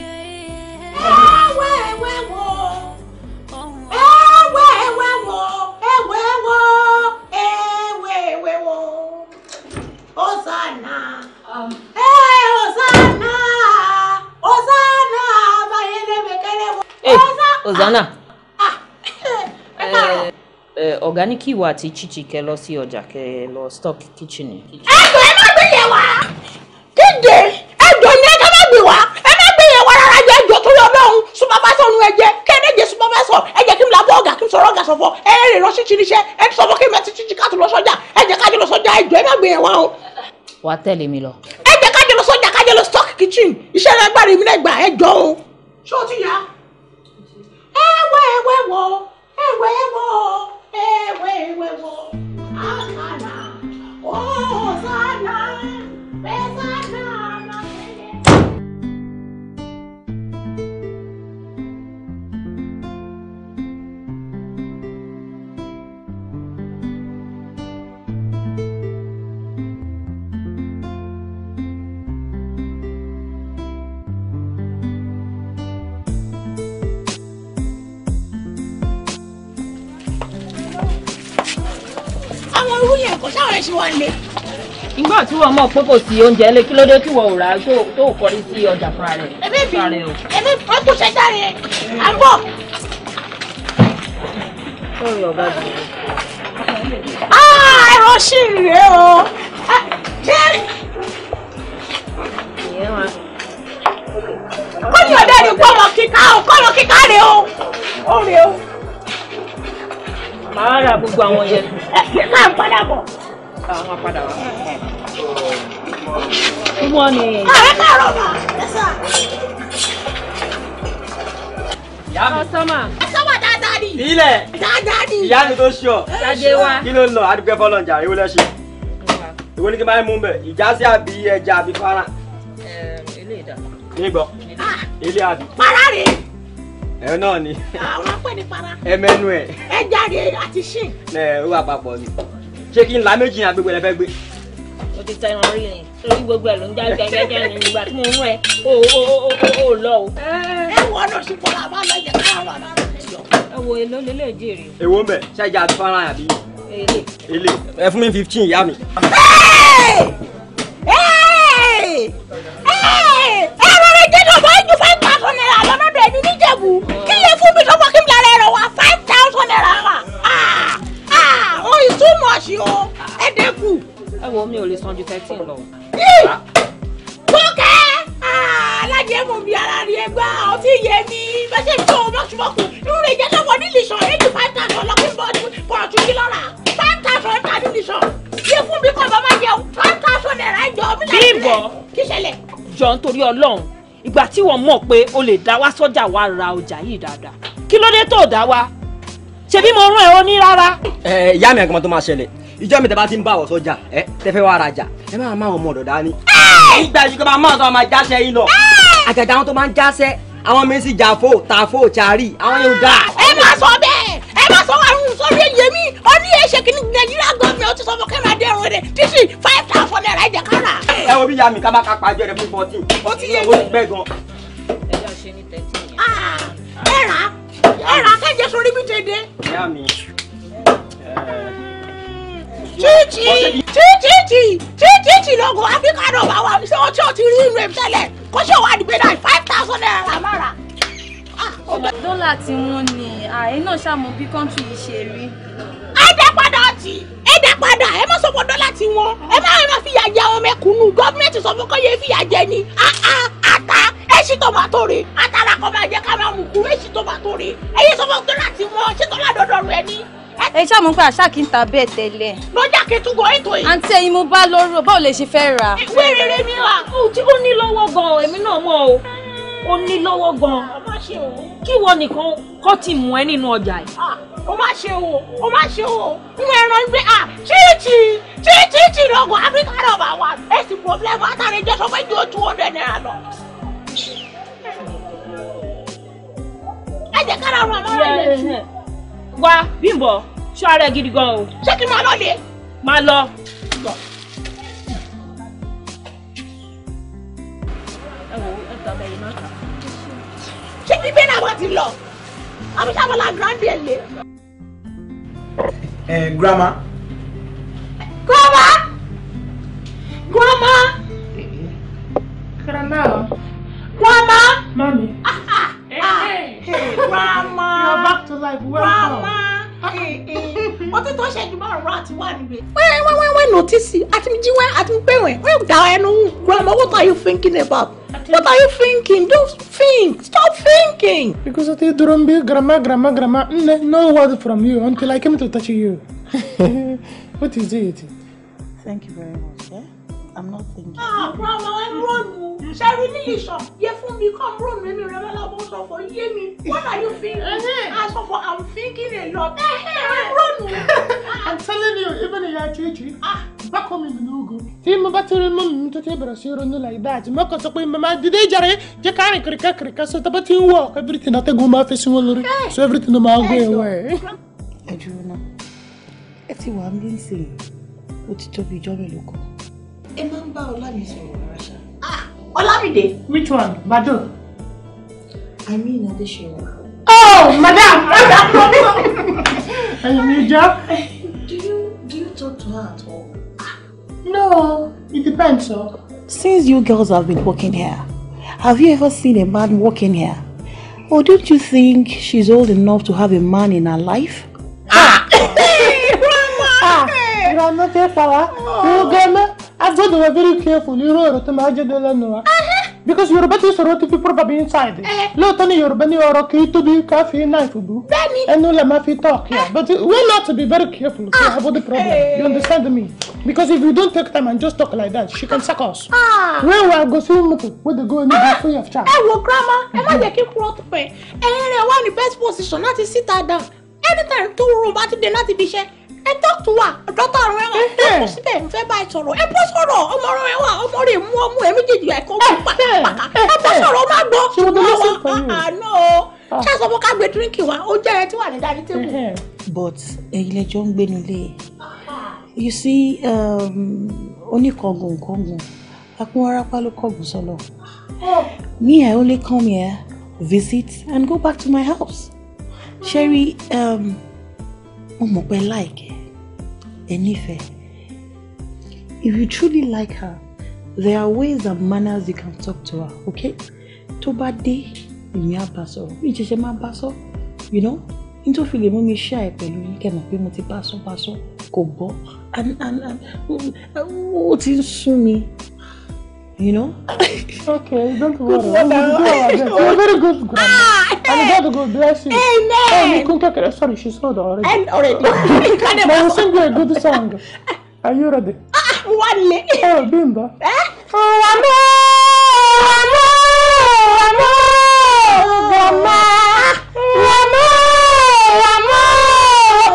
S2: ẹwẹ́ ẹwẹ́ wọ̀ ẹwẹ́ ẹwẹ́ wọ̀ ẹwẹ́ wọ̀ ariwo Hosanna ẹ um. eh, Hosanna Hosanna abayé lẹ́mẹ̀kẹ́lẹ́ wo
S4: eh, Hosanna. Ah.
S3: Eh, ọ̀gá ní kí ìwà àti chichi kẹ lọ sí ọjà kẹ lọ stock kitchen. ẹ̀gbọ́n ẹ má gbé yẹn wá
S2: kéde ẹ̀gbọ́n ní ẹ ká má gbé wá supervisor nu ẹ jẹ́ kéde supervisor ẹ jẹ́ kí n labọ́ ọ̀gá kí n sọ̀rọ̀ ọ̀gá sọ̀fọ̀ ẹ rè lọ sí chiníṣẹ́ ẹ sọ fún kí n bẹ ti chichi káàtó lọ sọ́jà ẹ jẹ́ kájọ lọ sọ́jà ẹ jọ ẹ má gbé yẹn wá o.
S4: wà á tẹ̀lé mi lọ.
S2: ẹ jẹ́ kájọ lọ sọ́jà kájọ lọ stock kitchen iṣẹ́ rẹ gbàdé mi lẹ́gbàá ẹ jọ o. ṣé o ti yá. ẹ wẹ ẹ wẹ wọ ẹ wẹ ẹ wọ ẹ wẹ ẹ wẹ wọ àkàrà ọ̀sánà bẹ́sánà. irú yẹn kò sáwọn ẹ̀ ṣe wá lé. ìgbà tí
S3: wọn
S4: mọ pé sí oúnjẹ ilé kí ló dé tí wọn ò rà tó kọrí sí ọjà fúnra rẹ.
S2: ẹbí mi ẹbí ọkọ ṣẹjá rẹ àbọ.
S4: sọrí ọgá mi.
S1: ah ẹ̀rọ ṣì ń rè o. Ah, kọ́ni ọ̀dẹ́
S2: ni pọ́nmọ́ kíkà o pọ́nmọ́ kíkà rè o ó rè o màá ra gbogbo àwọn yẹn. ẹ máa ń padà bọ̀. àwọn padà wá. wọ́n ni. ààrẹ káàárọ̀ mà. ìyá mi. kọ́sọ́mà. kọ́sọ́mà dáadáa ni. ilẹ̀. dáadáa ni. ìyá mi
S6: tó ṣọ. ṣáde wa. kí ló ń lọ àdúgbò fọlọ́njà ewu lẹ́sìn. ìwé ni kí n máa ń mú bẹ̀ ìjà sí àbí ẹja àbí fara. ilé ìdá. ní ìgbọ́. ilé àbí. para rèé ẹ náà ni. àwọn apẹ ní para. ẹ mẹnu ẹ. ẹ jáde àti ṣìn. ẹ ó wà papọ̀ ni ṣé kí n la méjì yẹn agbègbè rẹ fẹ́ gbé.
S2: o ti tẹ ìrànlọ́rí
S3: yẹn torí gbogbo ẹ ló ń já jẹjẹrẹ ní ìgbà tí mo mú ẹ o o o o lọ o.
S2: ẹ wọ ọdọ sí pọlá àbá lọ jẹ káwọn bàbá rẹ yọ. ẹ wo èlò lè lè jèrè.
S6: èwo mẹ ṣáàjà àti fara àbí. èlé. èlé ẹ fún mi fifteen ìyá mi. ẹ ẹ ẹ ju five thousand
S2: naira lọ́dọ̀dọ̀ èmi níjẹ̀bù kí lè fún mi sọ́wọ́ kí n yàrá ẹ̀rọ wa five thousand naira wa ah, ah, o oh, ìtumọ̀ sí o ẹ̀dẹ́kù. ẹ wo mi ò lè san ju thirteen lọ.
S1: tókẹ́ eh? alájẹ ah, mọ̀ bí ara rí ẹgbẹ́
S2: ọtí yẹ mi bẹ́sẹ̀ tó o mọ̀ṣúmọ̀kù irú rẹ̀ jẹ́ sọ́wọ́ nílì sàn eight to five thousand lọ́kùnrin bọ́ọ̀dù kọ̀ọ̀tù yìí lọ́ra five thousand ẹ̀ta nílì sàn yẹ fún mi kọ́ bàbá jẹun five thousand
S1: naira jọ mí láti rẹ̀
S2: kí ṣẹlẹ̀. jọ nítorí ìgbà tí wọ́n mọ̀ pé o lè
S3: dá wá sọ́jà wá ra ọjà yìí dáadáa kí ló dé tó dá wá ṣebí mo rán ẹ ó ní
S6: rárá. ẹ ìyá mi àgbọ̀n tó máa ṣẹlẹ̀ ìjọ mi tẹ bá ti ń bá wọ sọ́jà ẹ tẹ fẹ́ wá rajà ẹ máa máa ọmọ ọ̀dọ̀ dání. ẹ̀yin gba ìṣúgbọ́n máa máa tó máa jáṣẹ́ yín lọ. àjàjà àwọn tó máa ń jáṣẹ́ àwọn mi sì jàfó tàfó chari àwọn yóò dáa. ẹ máa sọ bẹ́ẹ̀ ẹ máa sọ àrùn sórí èyí mi ó ní èṣe kìíní nàìjíríà gọ́ọ̀mì ó five thousand naira ẹ̀jẹ̀ kára ẹ wo bí ya mi ká má kápá jẹrẹ fún fourteen ó ti yé mi ẹ yọ ṣe ní thirteen ẹ rà ẹ rà kẹjẹ sórí bí tèdè. ìyá mi.
S2: chichi chichi chichi lọ́gọ̀ africano bá wa ṣé ọtí ọtí rí inú ẹ̀ tẹ́lẹ̀ kó ṣe wà nígbẹ́ náà five thousand naira mára.
S4: dọ́là tí wọ́n ní àyè náà ṣàmọ̀ bí kọ́ńtì yìí ṣe rí
S2: dá padà ọtí ẹ dá padà ẹ má sọ fọdọ láti wọn ẹ má ẹ má fìyà jẹ àwọn mẹ̀kúnnù gọọmenti sọ fún kọyẹ fìyà jẹ ni ata ẹ ṣì tòmátò rè atara kọ máa jẹ ká mú kú ẹ ṣì tòmátò rè ẹ yẹ sọ fọdọ láti wọn ṣètò ládọdọrùn ẹni
S4: ẹ ṣáà mọ̀ pé àṣàkì ń ta bẹ́ẹ̀ tẹ́lẹ̀. lọ́jà
S2: kẹtùgọ́ ètò yìí.
S4: àǹtí ẹ̀yin mo bá lóró báwo lè ṣe fẹ́ ra.
S1: ìwé rere mi wà
S4: ó ní lọ́wọ́ gan-an èmi náà mọ̀ o ó ní lọ́wọ́
S3: gan-an kí wọ́n nìkan kọ́ ti mú ẹ nínú ọjà yìí. Ah, ó má ṣe o ó má ṣe o
S2: inú ẹran gbé à chíìchì chíìchì chì lọ́gùn áfíríkà náà bá wà èsì pọ̀blẹ́mù àtàrí jẹ́ sọ pé ju two hundred naira lọ. ẹ jẹ́ kára ọ̀run àmọ́ rẹ̀ lè tu.
S3: wá Bímbọ́ ṣọ́ ara ẹ gidi gan o. ṣé kí n máa lọ lé. máa lọ.
S2: ṣé ti gbé làwọn ti lọ àbí sábà la grand bien lé. ẹ grandma. grandma grandma. grandma. grandma. mami. Hey, hey, grandma. You're back to life. Welcome. Grandma. Ọtí tó ṣe jùlọ ọ̀rọ̀ àti wà níbẹ̀. Wẹ́n wẹ́n wẹ́n wẹ́n nòtísì àti jí wẹ́n àti gbẹ̀wẹ̀ wẹ́n dá ẹnu grandma what are you thinking about? What are you thinking? Don't think. Stop thinking. Because ọtí dúró ń bí grandma grandma grandma nne mm, no word from you until I came to touch you. What is it?
S1: Thank you very much.
S2: I'm not thinking. Ah, grandma, I'm wrong. Shall we need shop? Ye fún mi come room me remember about so for ye me. What are you thinking? As ah, for I'm thinking a lot. I'm wrong. I'm telling you, even if you're chichi, ah, back home in the Nugu. Tí mo bá ti rí mọ́ mi tó like that, mo kàn sọ pé màmá dídé jàre jẹ́ ká rìn kìrìkà so tó bá ti everything àtẹ̀gùn máa fẹsẹ̀ wọn so everything the máa way.
S4: ẹ̀wẹ̀. Ẹ dúró náà, ẹ ti wà á bí ń sìn, ó ti tóbi
S2: ẹ máa ń bá ọlámi sọ̀rọ̀ rárá ṣá. ah ọlámìdé. which one Madu? i mean adesina. oh madam ayomija. do you do you talk to her at all. Ah. no it depends. Oh. since you girls have been working here have you ever seen a man working here. Or oh, don't you think she's old enough to have a man in her life? Ah! Grandma! Ah, Grandma, power. Oh. You go oh. I got to be very careful. You know, to my agenda, no. Uh-huh. Because Yoruba ti sọ̀rọ̀ ti fi probably inside. Lóòótọ́ ni Yorùbá ní ọ̀rọ̀ kì to tóbi coffee, fi knife bú. Bẹ́ẹ̀ni. Ẹnu la máa talk here. Uh-huh. But we not to be very careful ah. about the problem. You understand me? Because if you don't take time and just talk like that, she can suck us. Ah. Where we are go see moto Where dey ah. go any day free of charge. Ẹ wo grandma, ẹ má jẹ́ kí kúrọ́ tó pẹ̀. Ẹ̀yin rẹ̀ wà ní best position not to sit down. Anytime tó rọrùn bá ti not to be iṣẹ́ ẹ dọ́tún wà dọ́tà rẹ wà dọ́tún síbẹ̀ ń fẹ́ bá ẹ sọ̀rọ̀ ẹ bọ́ sọ̀rọ̀ ọmọ rẹ wà ọmọ rẹ mú ọmú ẹ méjèèjì ẹ̀kọ́ pàkàpàkà ẹ bọ́ sọ̀rọ̀ má gbọ́ àwọn àná o ah. ṣáà sọ ká gbé dírínkì wa ó jẹ́ ẹ tí wà ní dání tébù. but ẹ̀yin lẹjọ ń gbénu lé you see um, oníkọgùn kọgùn akun arapa ló kọgùn sọlọ me i only come here visit and go back to my house Sherry, rí um, mo mọ̀ pé láìkẹ́ Enife. If you truly like her, there are ways and manners you can talk to her, okay? Tó bá dé, ìyẹn á bá sọ̀rọ̀. Ìṣẹ̀ṣẹ̀ máa bá sọ, you know? Into fi lè mú mi ṣe àì pẹ̀lú yín kẹ́mọ̀ pé mo ti bá sọ bá sọ and. gbọ́. Ó ti ń sún you know. okay, don't worry. We will do our good. You're very good grandma. Ah, and God will bless you. Amen. Oh, sorry, she's not already. And already. I will sing you a good song. Are you ready? Ah, one minute. Oh, Bimba. Eh? Oh, amor, amor, amor, grandma. Ah.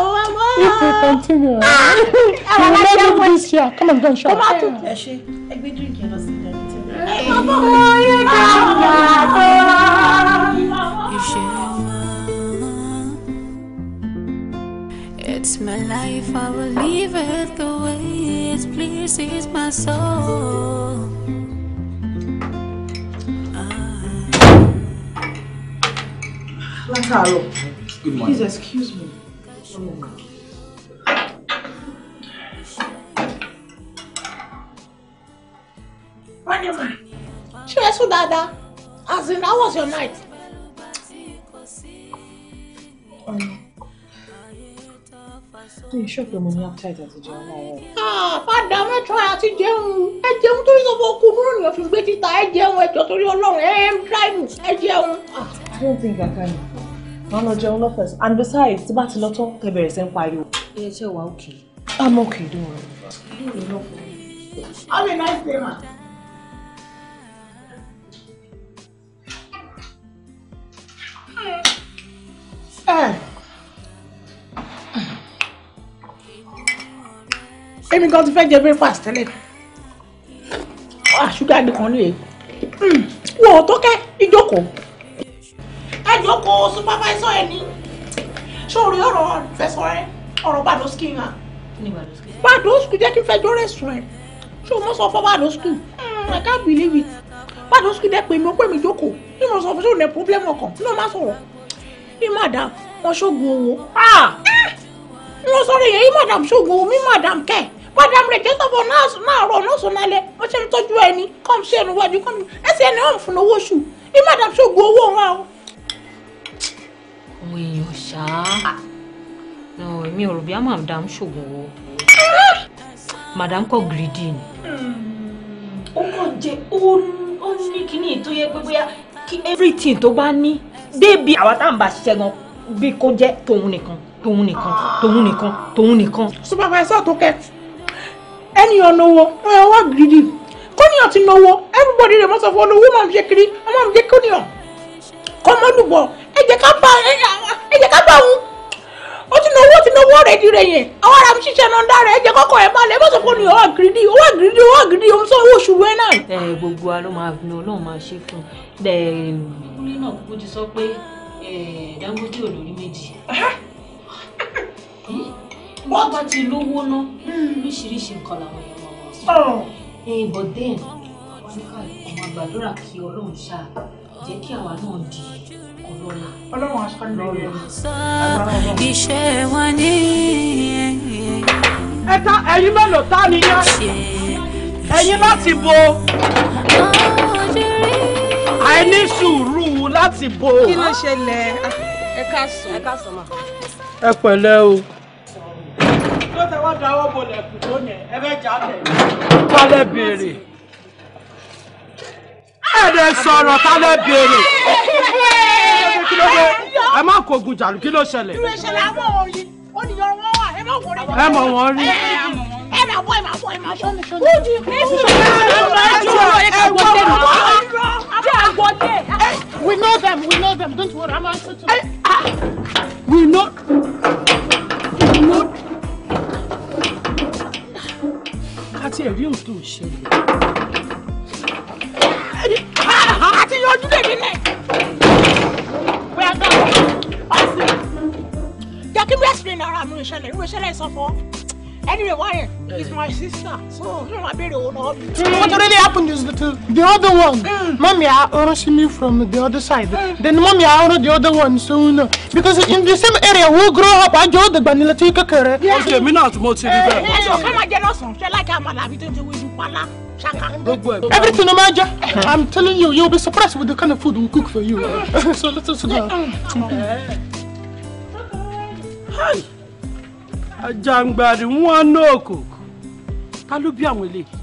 S2: Amor, amor, amor. Oh, If you continue. Ah ara wa jẹ́ fún ẹ. ṣe come on go and shop. ẹ
S1: ṣe ẹgbẹ́ drink yẹn lọ sí ìdájọ́ It's my life, I will live it the way it pleases my soul.
S2: Lataro, ah. please excuse me. Oh sùn dáadáa as in how was your night. mi ò
S3: ṣọ́ọ̀pù mo ní appetite
S2: àti jẹun láàárọ̀. Ah, padà mẹ́tọ́ àti try to jẹun I sọ fún okùn múrùn yóò If you títa it, I ẹ with torí ọlọ́run ẹ ẹ ń dráìmù I jẹun. Ah, I don't think I can màá not jẹun lọ́fẹ̀ẹ́ and besides tí bá ti lọ tán tẹ bẹ̀rẹ̀ sí You pariwo. ẹ okay. I'm okay don't worry.
S4: Have a nice day ma.
S2: Eh. èmi gan ti fẹ́ jẹ breakfast tẹ́lẹ̀ wà ah, ṣúgà nìkan lè wọ̀ ọ́ tó kẹ́ ìjókòó ẹ jókòó supervisor ẹ ní sórí ọ̀rọ̀ fẹsọ̀ rẹ ọ̀rọ̀ Badoski hàn Badoski jẹ́ kí n fẹjọ́ rẹ̀ sùn ẹ̀ ṣé o mọ̀ sọ fún Badoski hmm, I can't believe it Badoski dẹ́ pé mi ó pè mí jókòó ní mo sọ fún ṣé o ní problem ọkàn ní o má sọ̀rọ̀ bí madam wọn ṣoògùn owó wọn ah!
S1: ah!
S2: sọ̀rọ̀ yẹn yí madam ṣoògùn owó mi madam kẹ madam rẹ jẹsọfọ náàrọ nọọsùn nálẹ́ wọn ṣe ń tọ́jú ẹni kọm sí ẹnu wájú kọm ẹsẹ ẹni wọn fún owó oṣù yí madam ṣoògùn owó wọn o.
S4: èèyàn ṣáá ah! èmi ò rò bí a madam ṣoògùn owó madam kọ gírídì ni.
S1: Hmm.
S3: ó kàn jẹ́ ó ní kíní tó yẹ pé bóyá everything tó bá ní
S2: débi àwa tá à ń bá ṣiṣẹ́ gan bí kò jẹ́ tòun nìkan tòun nìkan tòun nìkan tòun nìkan. supervisor tó kẹ́ ẹnìyàn náwó ẹ̀yàn wá gidi kọ́nìyàn ti náwó everybody dey mọ́sọ̀fọ́ olówó máa ń ṣe kiri ọmọ mi jẹ́ kọ́nìyàn kọ́mọ́lùbọ̀ ẹ jẹ́ ká bá ẹ jẹ́ ká bá òun ó ti náwó ti náwó rẹ̀ di rẹ̀ yẹn àwọn ará mi ṣiṣẹ́ náà dára ẹ jẹ́ kọ́kọ́ ẹ balẹ̀ mọ́sọ̀ fún mi ọwọ́ gidi ọwọ́ gidi ọwọ́ gidi òun sọ owó
S3: oṣù rẹ̀ náà. ẹ gbogbo wa máa ní Ọlọ́run máa ṣe fún kúnlé náà kúkú ti sọ pé eh, Dangote ò lórí méjì hmm? wọ́n bá ti lówó ná hmm. oríṣiríṣi nǹkan làwọn èèyàn wọn sọ oh. eh, but then wọn ní ká ọmọ àgbàdúrà kí Ọlọ́run ṣáà jẹ́ kí àwa náà di
S2: ọlọ́lá. Ọlọ́run aṣọ
S1: lọ́rọ̀ iṣẹ́ wa ní.
S2: ẹ ta ẹ̀yin mélòó tá nìyẹn ẹ̀yin láti bo. ọjọ́ rí àìní sùúrù láti bò. kí ló ṣẹlẹ̀ ah, ẹ ká sùn. ẹ ká sùn mà. ẹ pẹ̀lẹ́ o. tó tẹ wá dáwọ́ bolẹ̀ kù tó yẹn ẹ fẹ́ jà tẹ̀. tálẹ̀ béèrè. ẹ̀rẹ̀ sọ̀rọ̀ tálẹ̀ béèrè. kí ló dé ẹ má kó ogun jàlù kí ló ṣẹlẹ̀. kí ló ṣẹlẹ̀ àwọn wà ẹ má wọ̀n ẹ mọ̀ wọ́n rí jẹ́ we know them we know them don't worry ah, we know. we know. ká tiẹ̀ rí ohun tó ń ṣẹlẹ̀. àti ah, yanjú lèmi kí n bẹ́ẹ̀ sìn ní ara mi ìṣẹ̀lẹ̀ ìṣẹ̀lẹ̀ ìsọfọ́. Anyway, why? It's my sister. So, oh. you know, I better own all. Mm. What really happened is that uh, the other one, mm. mommy, I only see me from the other side. Mm. Then mommy, I already the other one. So, no. Because in the same area, we we'll grow up. I draw the vanilla to kakere. Yeah. Okay,
S6: me not much in Eh,
S2: eh so come and get us some. She like I'm alive. Don't you do pala.
S1: Everything, Amaja. I'm
S2: telling you, you'll be surprised with the kind of food we cook for you. so let's us go. Hi. Mm-hmm. Mm-hmm àjàǹgbàdì wọn ná òkòkò ta ló bí àwọn eléyìí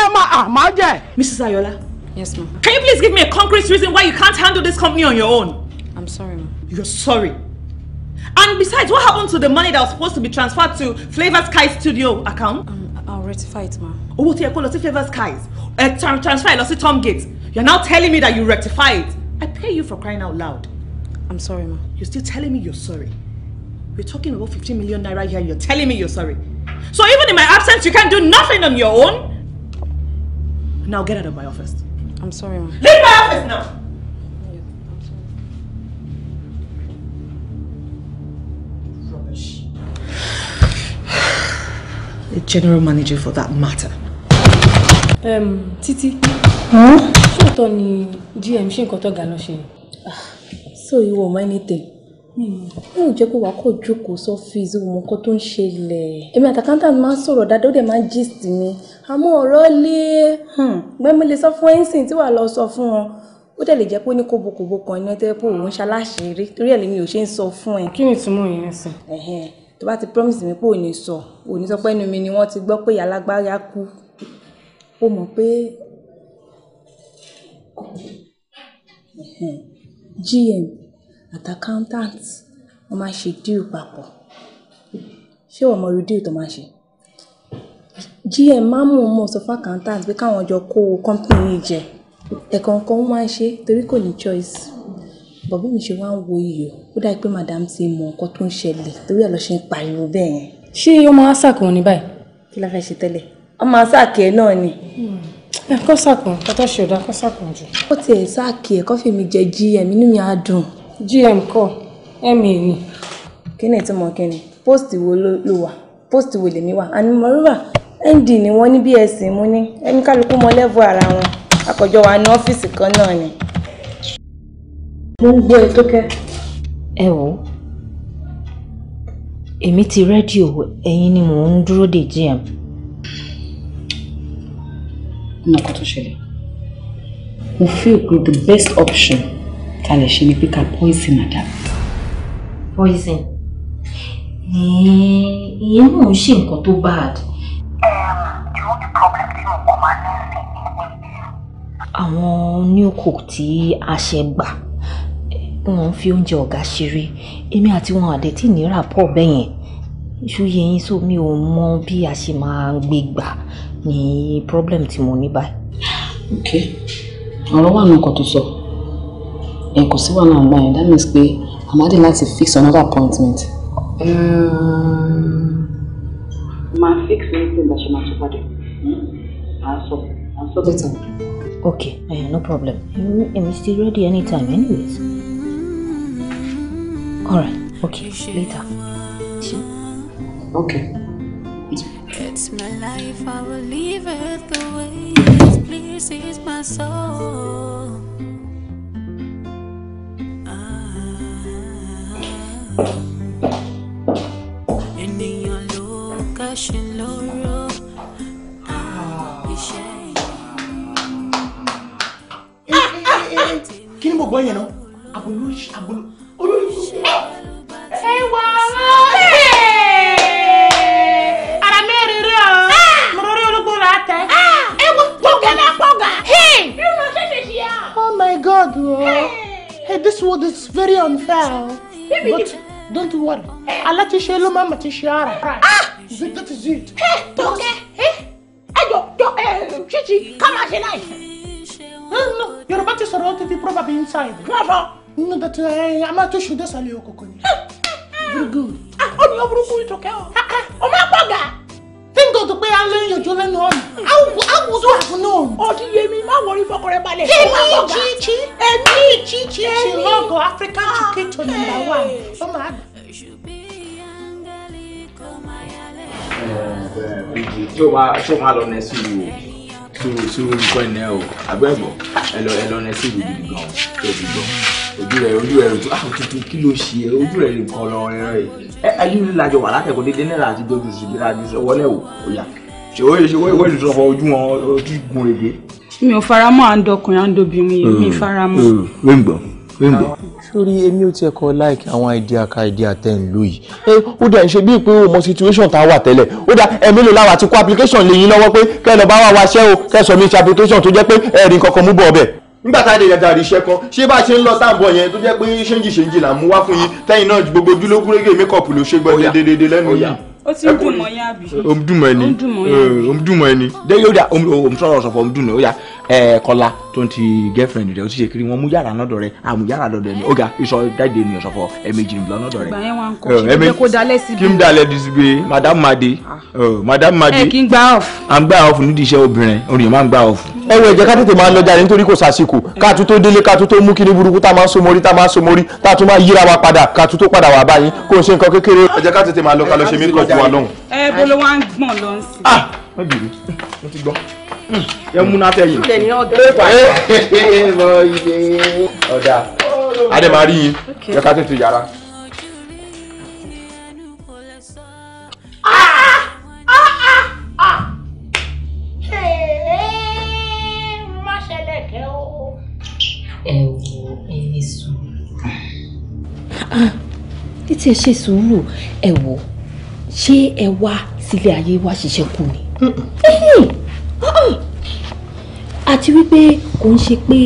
S2: ẹ má àmá jẹ. Mrs. Ayola. Yes, ma. Can you please give me a concrete reason why you can't handle this company on your own? I'm sorry, ma. You're sorry? And besides, what happened to the money that was supposed to be transferred to Flavor Sky Studio account? Um,
S5: I'll rectify it, ma.
S2: Owó tí ẹ kó lọ sí Flavor Skies, ẹ transfer ẹ lọ sí Tom Gates. You're now telling me that you rectify it. I pay you for crying out loud. I'm sorry, ma. You're still telling me you're sorry. We're talking about 15 million naira here. and You're telling me you're sorry. So even in my absence, you can't do nothing on your own? Now get out of my office. I'm sorry, ma'am. Leave my office now! Rubbish. A general manager for that matter.
S4: Um, Titi. Huh? Hmm? Ṣé òótọ́ ni GM ṣe nǹkan tó ga lọ So you won't mind anything yóò jẹ́ pé wàá kọ̀ jókòó sọ́fíìsì wo nǹkan tó ń ṣẹlẹ̀ èmi àtàkántà máa ń sọ̀rọ̀ dáadáa ó dẹ̀ máa ń gist mi àmọ́ ọ̀rọ̀ lé gbẹ́mi hmm, lè sọ fún ẹ́ńsìn tí wàá lọ sọ fún wọn ó dẹ̀ lè jẹ́ pé ó ní kóbokòbo kan iná tẹ́ pé òun ṣaláṣìírí torí ẹ̀ lèmi ò ṣe ń sọ fún ẹ. kí ni ìtumọ̀ yẹn sìn. tó bá ti promise mi pé ò ní sọ ò ní sọ pé ẹnu mi ni wọ́n ti gbọ́ pé alágbára kú ó mọ̀ pé GM àti accountant wọ́n máa ń ṣe deal papọ̀. Ṣé ìwọ mọ irú deal tó máa ń ṣe? GM máa ń mọ̀ọ́mọ̀ sọ fún accountant pé káwọn jọ kó company yìí jẹ. Ẹ̀ẹ̀kọ̀kan ó máa ṣe torí kò ní choice. But bí emi ṣe wá ń wo yìí o, ó dà pé madam ti mọ nǹkan tó ń ṣẹlẹ̀ torí ẹ lọ ṣe ń pariwo bẹ́ẹ̀ yẹn. Ṣé ó máa sack wọn ní báyìí? Kí la fẹ́ ṣe tẹ́lẹ̀? Wọ́n máa sack ẹ náà ni. Hmm. Kọ́ sack wọn, kọ́ tó ṣe ọ̀dà, kọ́ sack jù. Ó ti ẹ̀ sack ẹ̀ mi jẹ GM, inú mi á dùn gm kọ ma e ni. kíni ìtumọ̀ kíni post wo ló wà post wo lèmi wà àní moreover nd ni wọ́n ní bsc e mú ní ẹni kálukú mọ level ara wọn àkọ́jọ wa ní ọ́fíìsì kan náà ni. mo ń gbọ́ ètò kẹ́. ẹ wò ó èmi ti rẹ́díò ẹ̀yin ni mò ń dúró dè gm. nǹkan tó ṣẹlẹ̀ mo feel pé the best
S5: option ta lè ṣe ni pé ká poison madam.
S4: poison eh, ìyẹn náà ń ṣe nǹkan tó bad. àwọn new cook tí a ṣe gbà wọn ń fi oúnjẹ ọ̀gá ṣeré èmi àti wọn àdẹ tí ìnira pọ̀ bẹ́ẹ̀ yẹn iṣu yẹn so mi ò mọ bí a ṣe máa gbé gbà ní problem tí mo ní báyìí. ok
S5: ọ̀rọ̀ wà nù ọkọ̀ tó sọ. So ẹ kò sí wàhálà àgbà yẹn that means pé a máa dé láti fix another appointment. Uh, máa fix anything bá ṣe máa tún padà à ń sọ
S4: à sọ bẹ́tà. okay uh, no problem èmi still ready
S1: anytime anyways. alright okay later. okay. It's my life, I will leave it the way it pleases my soul. ènìyàn ló kẹ́sì lóró iṣẹ́ yìí.
S2: kí ni mo gbọ́ yẹn náà agolo agolo olórí. ẹ wà á ara mi rí rí ọ Oh my God! Whoa. hey, this world is very unfair. But don't worry. Allah ti ṣe ló máa ma ti ṣe ara. Ah! That is it. Ẹ tókẹ́. Ẹ jọ jọ ẹ ṣíṣí ká máa No, no, you're about to ti fi probably inside. No, Lọ́fọ̀. Nínú dọ̀tí ẹ a máa tó ṣùdẹ́sàlẹ̀ òkòkò ni. Very good. Ah, ó ní ọ burúkú ìtòkẹ́ Ha Ọmọ ẹ̀kọ́ gà. Thank God pé a lóyún yòjó lẹ́nu ọ̀nà. How would you have known? Ọdún Yemi má wọrí fọkọrẹ balẹ̀. Èmi chichi. Èmi chichi. She love African chicken to number
S1: one. Ó máa gbà.
S6: Ṣé o máa ṣé o máa lọ nẹ́sí ìlú o? Tó tó olùkọ́ ẹ̀ náà o, àgbẹ̀bọ̀ ẹ lọ ẹ lọ nẹ́sí ìlú gidi gan-an, tó ti gbọ́. Ojú rẹ̀ ojú rẹ̀ ojú rẹ̀ kí ló ṣe é? Ojú rẹ̀ nìkan lọ rẹ̀ rẹ̀ ayé mi lajọ wà látẹ̀kọ́ dédé náírà àti dojú síbi láti sọ wọlé o òyà ṣe wọ́n ṣe wọ́n ìṣòro ọkọ̀ ojú wọn ojú gun rege.
S2: mi ò fara mọ́ à ń dọkùnrin à ń dobìnrin yẹn mi mm. fara mọ́. Mm.
S6: wé ń gbọ́ wé ń gbọ́. sórí èmi ò tiẹ̀ kọ́ láìkí àwọn àìdí àka àìdí àtẹ̀ ń lò yìí ó dà ń ṣe bí pé o mọ situation tá a wà tẹ́lẹ̀ ó dà ẹ̀mí ló láwà ti kó application lè yín lọ́wọ́ pé kẹ́ ẹ lọ bá wà wá ṣẹ́ o kẹ́ ẹ sọ mi ṣe application tó jẹ́ pé ẹ̀rín kankan mú bọ̀ ọbẹ̀ nígbà tá a lè dàdà àríṣẹ́ kan ṣé bá a ṣe ń lọ sáàbọ̀ yẹn tó jẹ́ pé ṣéǹjì ṣéǹjì là ń mú wá fún yín tẹ́yìn náà gbogbo dúlógúrégé mékọ̀pù ló ṣe
S2: gbọ́ dédédé lẹ́nu yìí.
S1: ó ti ń dùn mọ́ yá àbí. ó
S2: ń dùn mọ́ ẹni ó ń dùn mọ́ ẹni. dé yóò ń sọ̀rọ̀ sọ̀fọ̀ ó ń dùn náà ó kọ́lá tó ń ti girlfriend rẹ o ti ṣe kiri wọn mú yàrá
S6: lọ́dọ̀ rẹ àmú yàrá lọ́dọ̀ ni ọ̀gá iṣọ dáìde ènìyàn sọfọ ẹ̀mejì nìbọn lọ́dọ̀ rẹ. ìgbà yẹn
S2: wà ń kọ́ kí n dalẹ̀
S6: disi bi madam madi ah. madam madi. ẹ kí n gba off. à ń gba off nídìí
S2: iṣẹ́ obìnrin orin máa ń gba off. ẹ wo ẹ jẹ́ ká tètè máa lọ jáde nítorí kò sàṣìkò ká tún tó délé ká tún tó mú kíní burúkú tá a máa ń so mori tá a máa ń so mori tá a tún máa yíra wa padà ká tún tó padà wà báyìí kò ń ṣe nǹkan kékeré. ẹ jẹ́ ká tètè máa lọ ká lọ ṣe mí kọ̀ọ̀tù wa lọ́hùn.
S6: ẹ bolo wa ń gbọ̀n lọ sí. ah
S2: má bìrì mo ti
S6: gbọ́ yẹ múná tẹ̀yìn. ọ̀dà adé máa rí yín yẹ ká tètè yàrá.
S4: títí ẹ ṣe sùúrù ẹ wò ṣé ẹ wá sílé ayé wá ṣiṣẹ́ kù ni àti wípé kò ń ṣe pé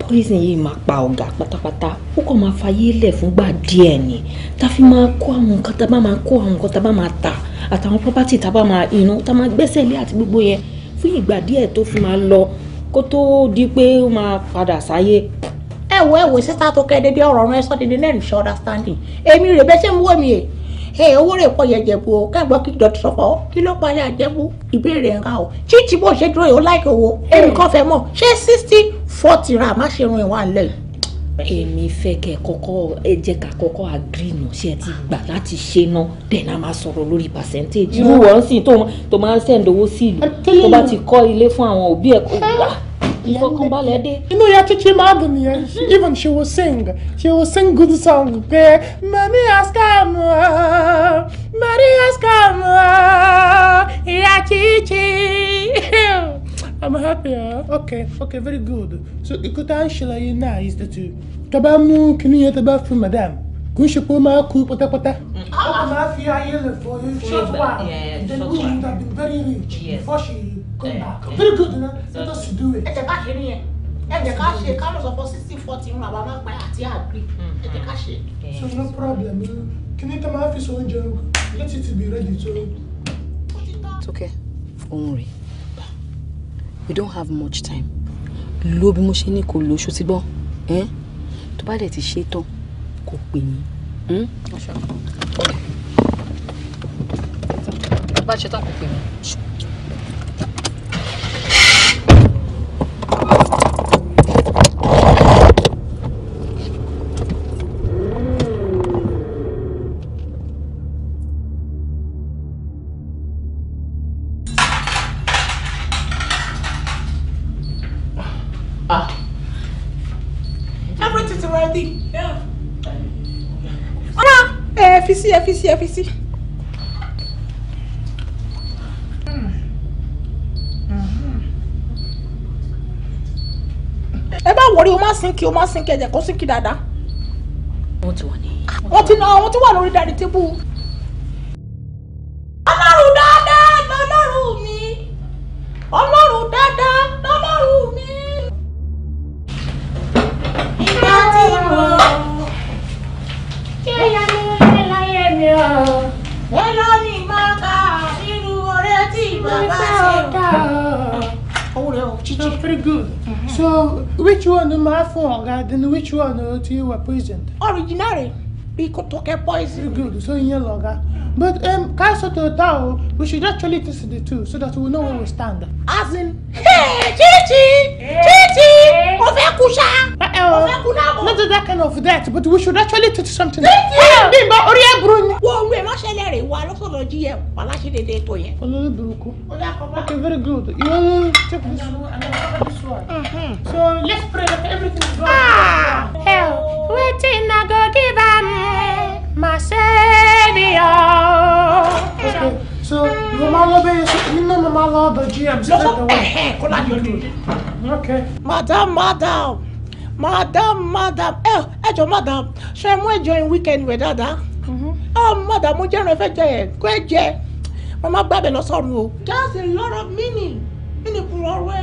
S4: poison yìí máa
S3: pa ọ̀gá pátápátá ó kàn máa fayé lẹ̀ fúngbà díẹ̀ ni ta fi máa kó àwọn nǹkan tá bá máa kó àwọn nǹkan tá bá máa tà àtàwọn property tá bá máa inú tá máa gbẹ́sẹ̀ lé àti gbogbo yẹn
S2: fún ìgbà díẹ̀ tó fi máa lọ kó tó di pé ó máa padà sáyé ẹ wo ẹ wo sísá tó kẹ́ ẹ dédé ọ̀rọ̀ ọ̀run ẹ sọ́ dédé lẹ́nu ṣe understanding èmi rè bẹ́ẹ̀ ṣe ń wọ́ mi yìí e ẹ owó rẹ̀ pọ̀ yẹ jẹ̀bù o káàgbọ́ kí dọ̀tí sọ̀fọ̀ kí ló pa yà ìbéèrè nǹkan o chíìtì bó ṣe dúró yóò láìkè owó èmi kan fẹ́ mọ̀ ṣé sixty forty ra má ṣe run ìwà ńlẹ̀ èmi fẹ́ kẹ́ kọ́kọ́ ẹ jẹ́ ká kọ́kọ́ agree náà ṣe ti gbà láti
S3: ṣe náà dẹ̀nà máa sọ̀rọ̀ lórí percentage irú wọ́n sì tó máa ń sẹ́ndowó sí ìlú tó bá ti kọ́ ilé fún àwọn òbí ẹ̀ kó
S2: ìfọkànbalẹ̀ dé. inú ya chichi máa dùn nìyẹn even she will sing she will sing good song pé mami askam mami askam ya chichi. I'm happy. Huh? Okay, okay, very good. So, nǹkan tá à ń ṣàlàyé is that you. Uh, tó bá mú kíní yẹn tó bá fún madam, kò ń ṣe pé ó máa kú pátápátá. Ó kò máa fi ayé lè fọ yín ṣọ́tù The woman that been very rich yes. before she Good back. Very good, you Let us do it. Ẹ ká ṣe nìyẹn. Ẹ jẹ́ ká ṣe ká sọ fún sixty forty rún àbá pa àti àgbè. Ẹ ká ṣe. So no problem. Kí ni tá máa fi sọ oúnjẹ o? Let it be ready to. It's okay. Òun rè.
S5: We don't have much time. Lo bí mo ṣe ní kò lóṣù tí gbọ́n. Tó bá dẹ̀ ti ṣe tán, kò pè mí. Hmm? Bá ṣe tán kò pè mí.
S2: sí ẹ fi sí ẹ fi sí. ẹ bá wọrí o má sin kí o má sin kí ẹ jẹ kó sin kí dáadáa. wọ́n ti wà ní. wọ́n ti náà wọ́n ti wà lórí dáadé tébù. platform then which one uh, to you were poisoned? Originally, we could talk a poison. Good, so in yellow. Uh, but um, Kaiso to Tao, we should actually test the two so that we know where we stand. As in, hey, Chichi! Chichi! Over Kusha! not that kind of that but we should actually teach something. wọ́n bí n bá okay very good you wan take this. Mm -hmm. so let's
S1: pray that everything is ah hell waiting i go give am my savior.
S2: Okay. So, mama lobe, you know mama lobe GM. Lọ́sọ̀ ẹ̀hẹ̀ Okay. Madam, madam madam madam ẹ ẹ jọ madam ṣe mú ẹjọ in weekend wẹ dáadáa mm-hmm. ọ madam mo jẹ́ ẹran ẹ̀fẹ́ jẹ ẹ̀ kó ẹ jẹ mo má gbàgbé lọ sọ́run o. that's a lot of meaning meaning kù ọ̀rọ̀ ẹ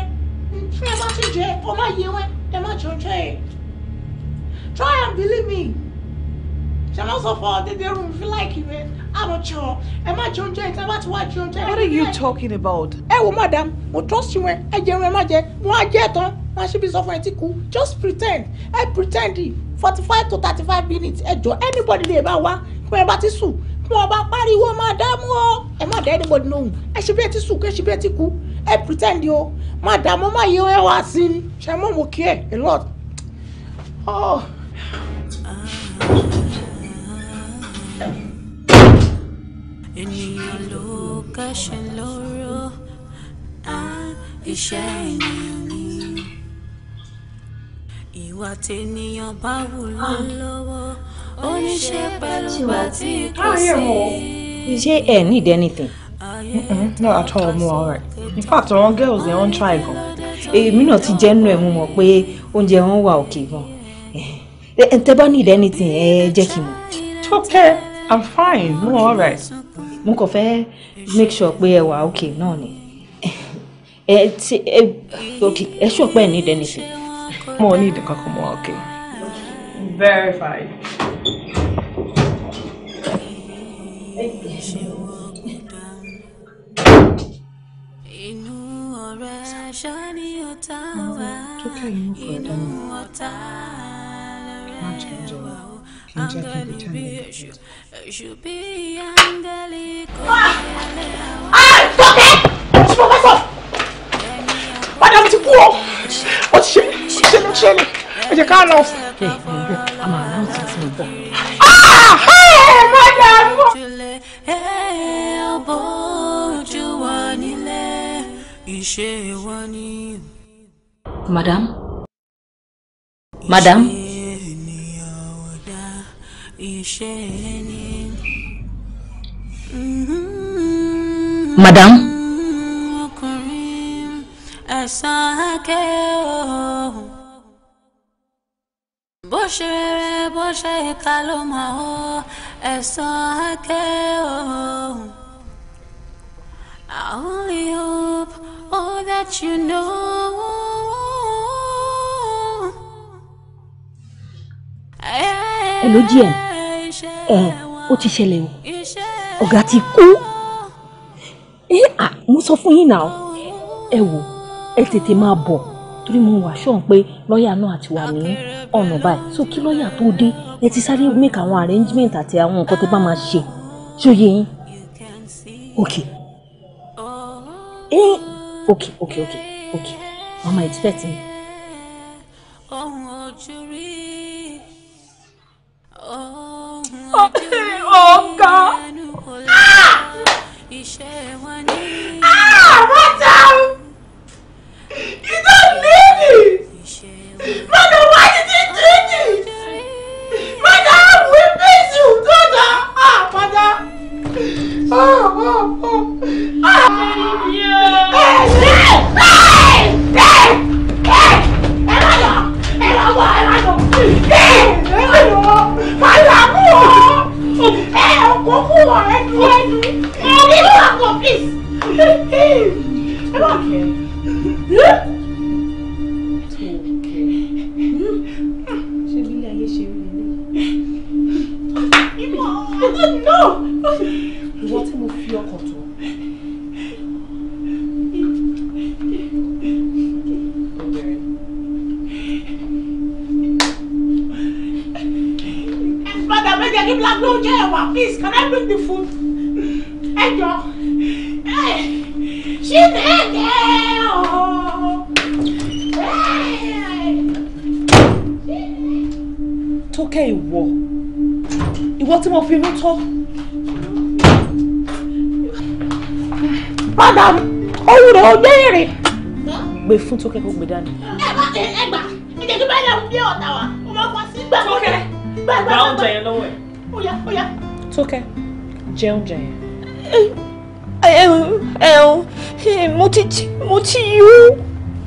S2: ṣé ẹ bá ti jẹ ọ má yẹ wẹ ẹ má jọ jẹ ẹ try and believe me ṣe má sọ fọ dédé rún fi láìkì rẹ àròjọ ẹ má jẹ oúnjẹ ẹ tẹ bá ti wá jẹ what are you talking about. ẹ wo madam mo trust you ẹ ẹ jẹun ẹ má jẹ mo á jẹ tán máa ṣe bí sọ fún ẹ ti kú just pretend ẹ pretend forty five to thirty five minutes ẹ jọ anybody lè bá wá pé ẹ bá ti sùn bí wọn bá pariwo máa dààmú ọ ẹ má dá anybody lóhùn ẹ ṣe bí ẹ ti sùn kí ṣe bí ẹ ti kú ẹ pretend o má dààmú má yẹ ẹ wá sí i ṣe mọ́ mo kí ẹ a lot. Oh.
S1: ènìyàn ló kẹ́sẹ̀ lóró ah, iṣẹ́ ènìyàn ni ìwà tènìyàn bá wù ah. lọ́wọ́ ó pẹ̀lú bá tí kò ah, sí.
S2: ṣé ẹ need anything. No, at all mo alright in fact àwọn
S4: girls dey wan try gan. èmi náà ti jẹ́ nínú ẹ̀ mo mọ̀ pé oúnjẹ wọn wà òkè gan. ẹ eh, eh, tẹ́ bá need anything ẹ jẹ́ kí n mọ̀. tókẹ́ i'm fine mo alright. mo kàn fẹ́ make sure pé ẹ wà òkè náà ni. ẹ eh, ti ẹ ok ẹ sọ pé ẹ need anything mo ò ní ìdí kankan mọ́ ok.
S6: verified.
S1: inú ọ̀rẹ́ ṣáni ọ̀tá wá inú ọ̀tá lọ́rẹ́ wá o angeli bí èṣù èṣù bí angeli ah!
S2: padà mo ti kú ọ ó ti ṣe ó ti ṣe ló ṣe ni ẹ jẹ ká lọ.
S1: ẹ ẹ bọ a máa rán ti ti bọ.
S4: má madam madam.
S1: madam sànke o bó ṣe rere bó ṣe ká ló máa ó ẹ̀san ké o. I only hope all oh, that you know. ẹ ló jí ẹ ó ti ṣẹlẹ̀ o
S3: ọ̀gá ti kú ẹ à mo sọ fún yín náà ẹ wò ẹ tètè máa bọ̀ torí mo wà ṣọ́n pé lọ́ọ̀yà náà àti wà ní ọ̀nà
S4: báyìí so kí lọ́ọ̀yà tó dé ẹ ti sáré make àwọn arrangement àti àwọn nǹkan tẹ bá máa ṣe ṣó yé yín ok eh ok ok ok ok mama expect me.
S1: ọ̀gá. Ah! iṣẹ́ wa ní.
S2: Yeah. tó jẹ́ ẹ̀wà please can I bring the food? ẹ jọ ṣí dẹ́gẹ́ o. tókẹ́ ìwọ ìwọ tí mo fi inú tọ́. padà òun rò ó gbé fún tókẹ́ kó gbé dání. ẹ bá tẹ ẹgbàá ìdèkí bá yẹ kó bí ọ̀tá wa mo máa fọ sí gbàgbọ́ rẹ. gbàgbọ́ oúnjẹ yẹn lọ́wọ́ ẹ̀ ó yá ó yá. tókẹ́
S3: jẹun jẹun. ẹ̀hún eh, ẹ̀hún eh, eh, mo ti mo ti
S2: yó.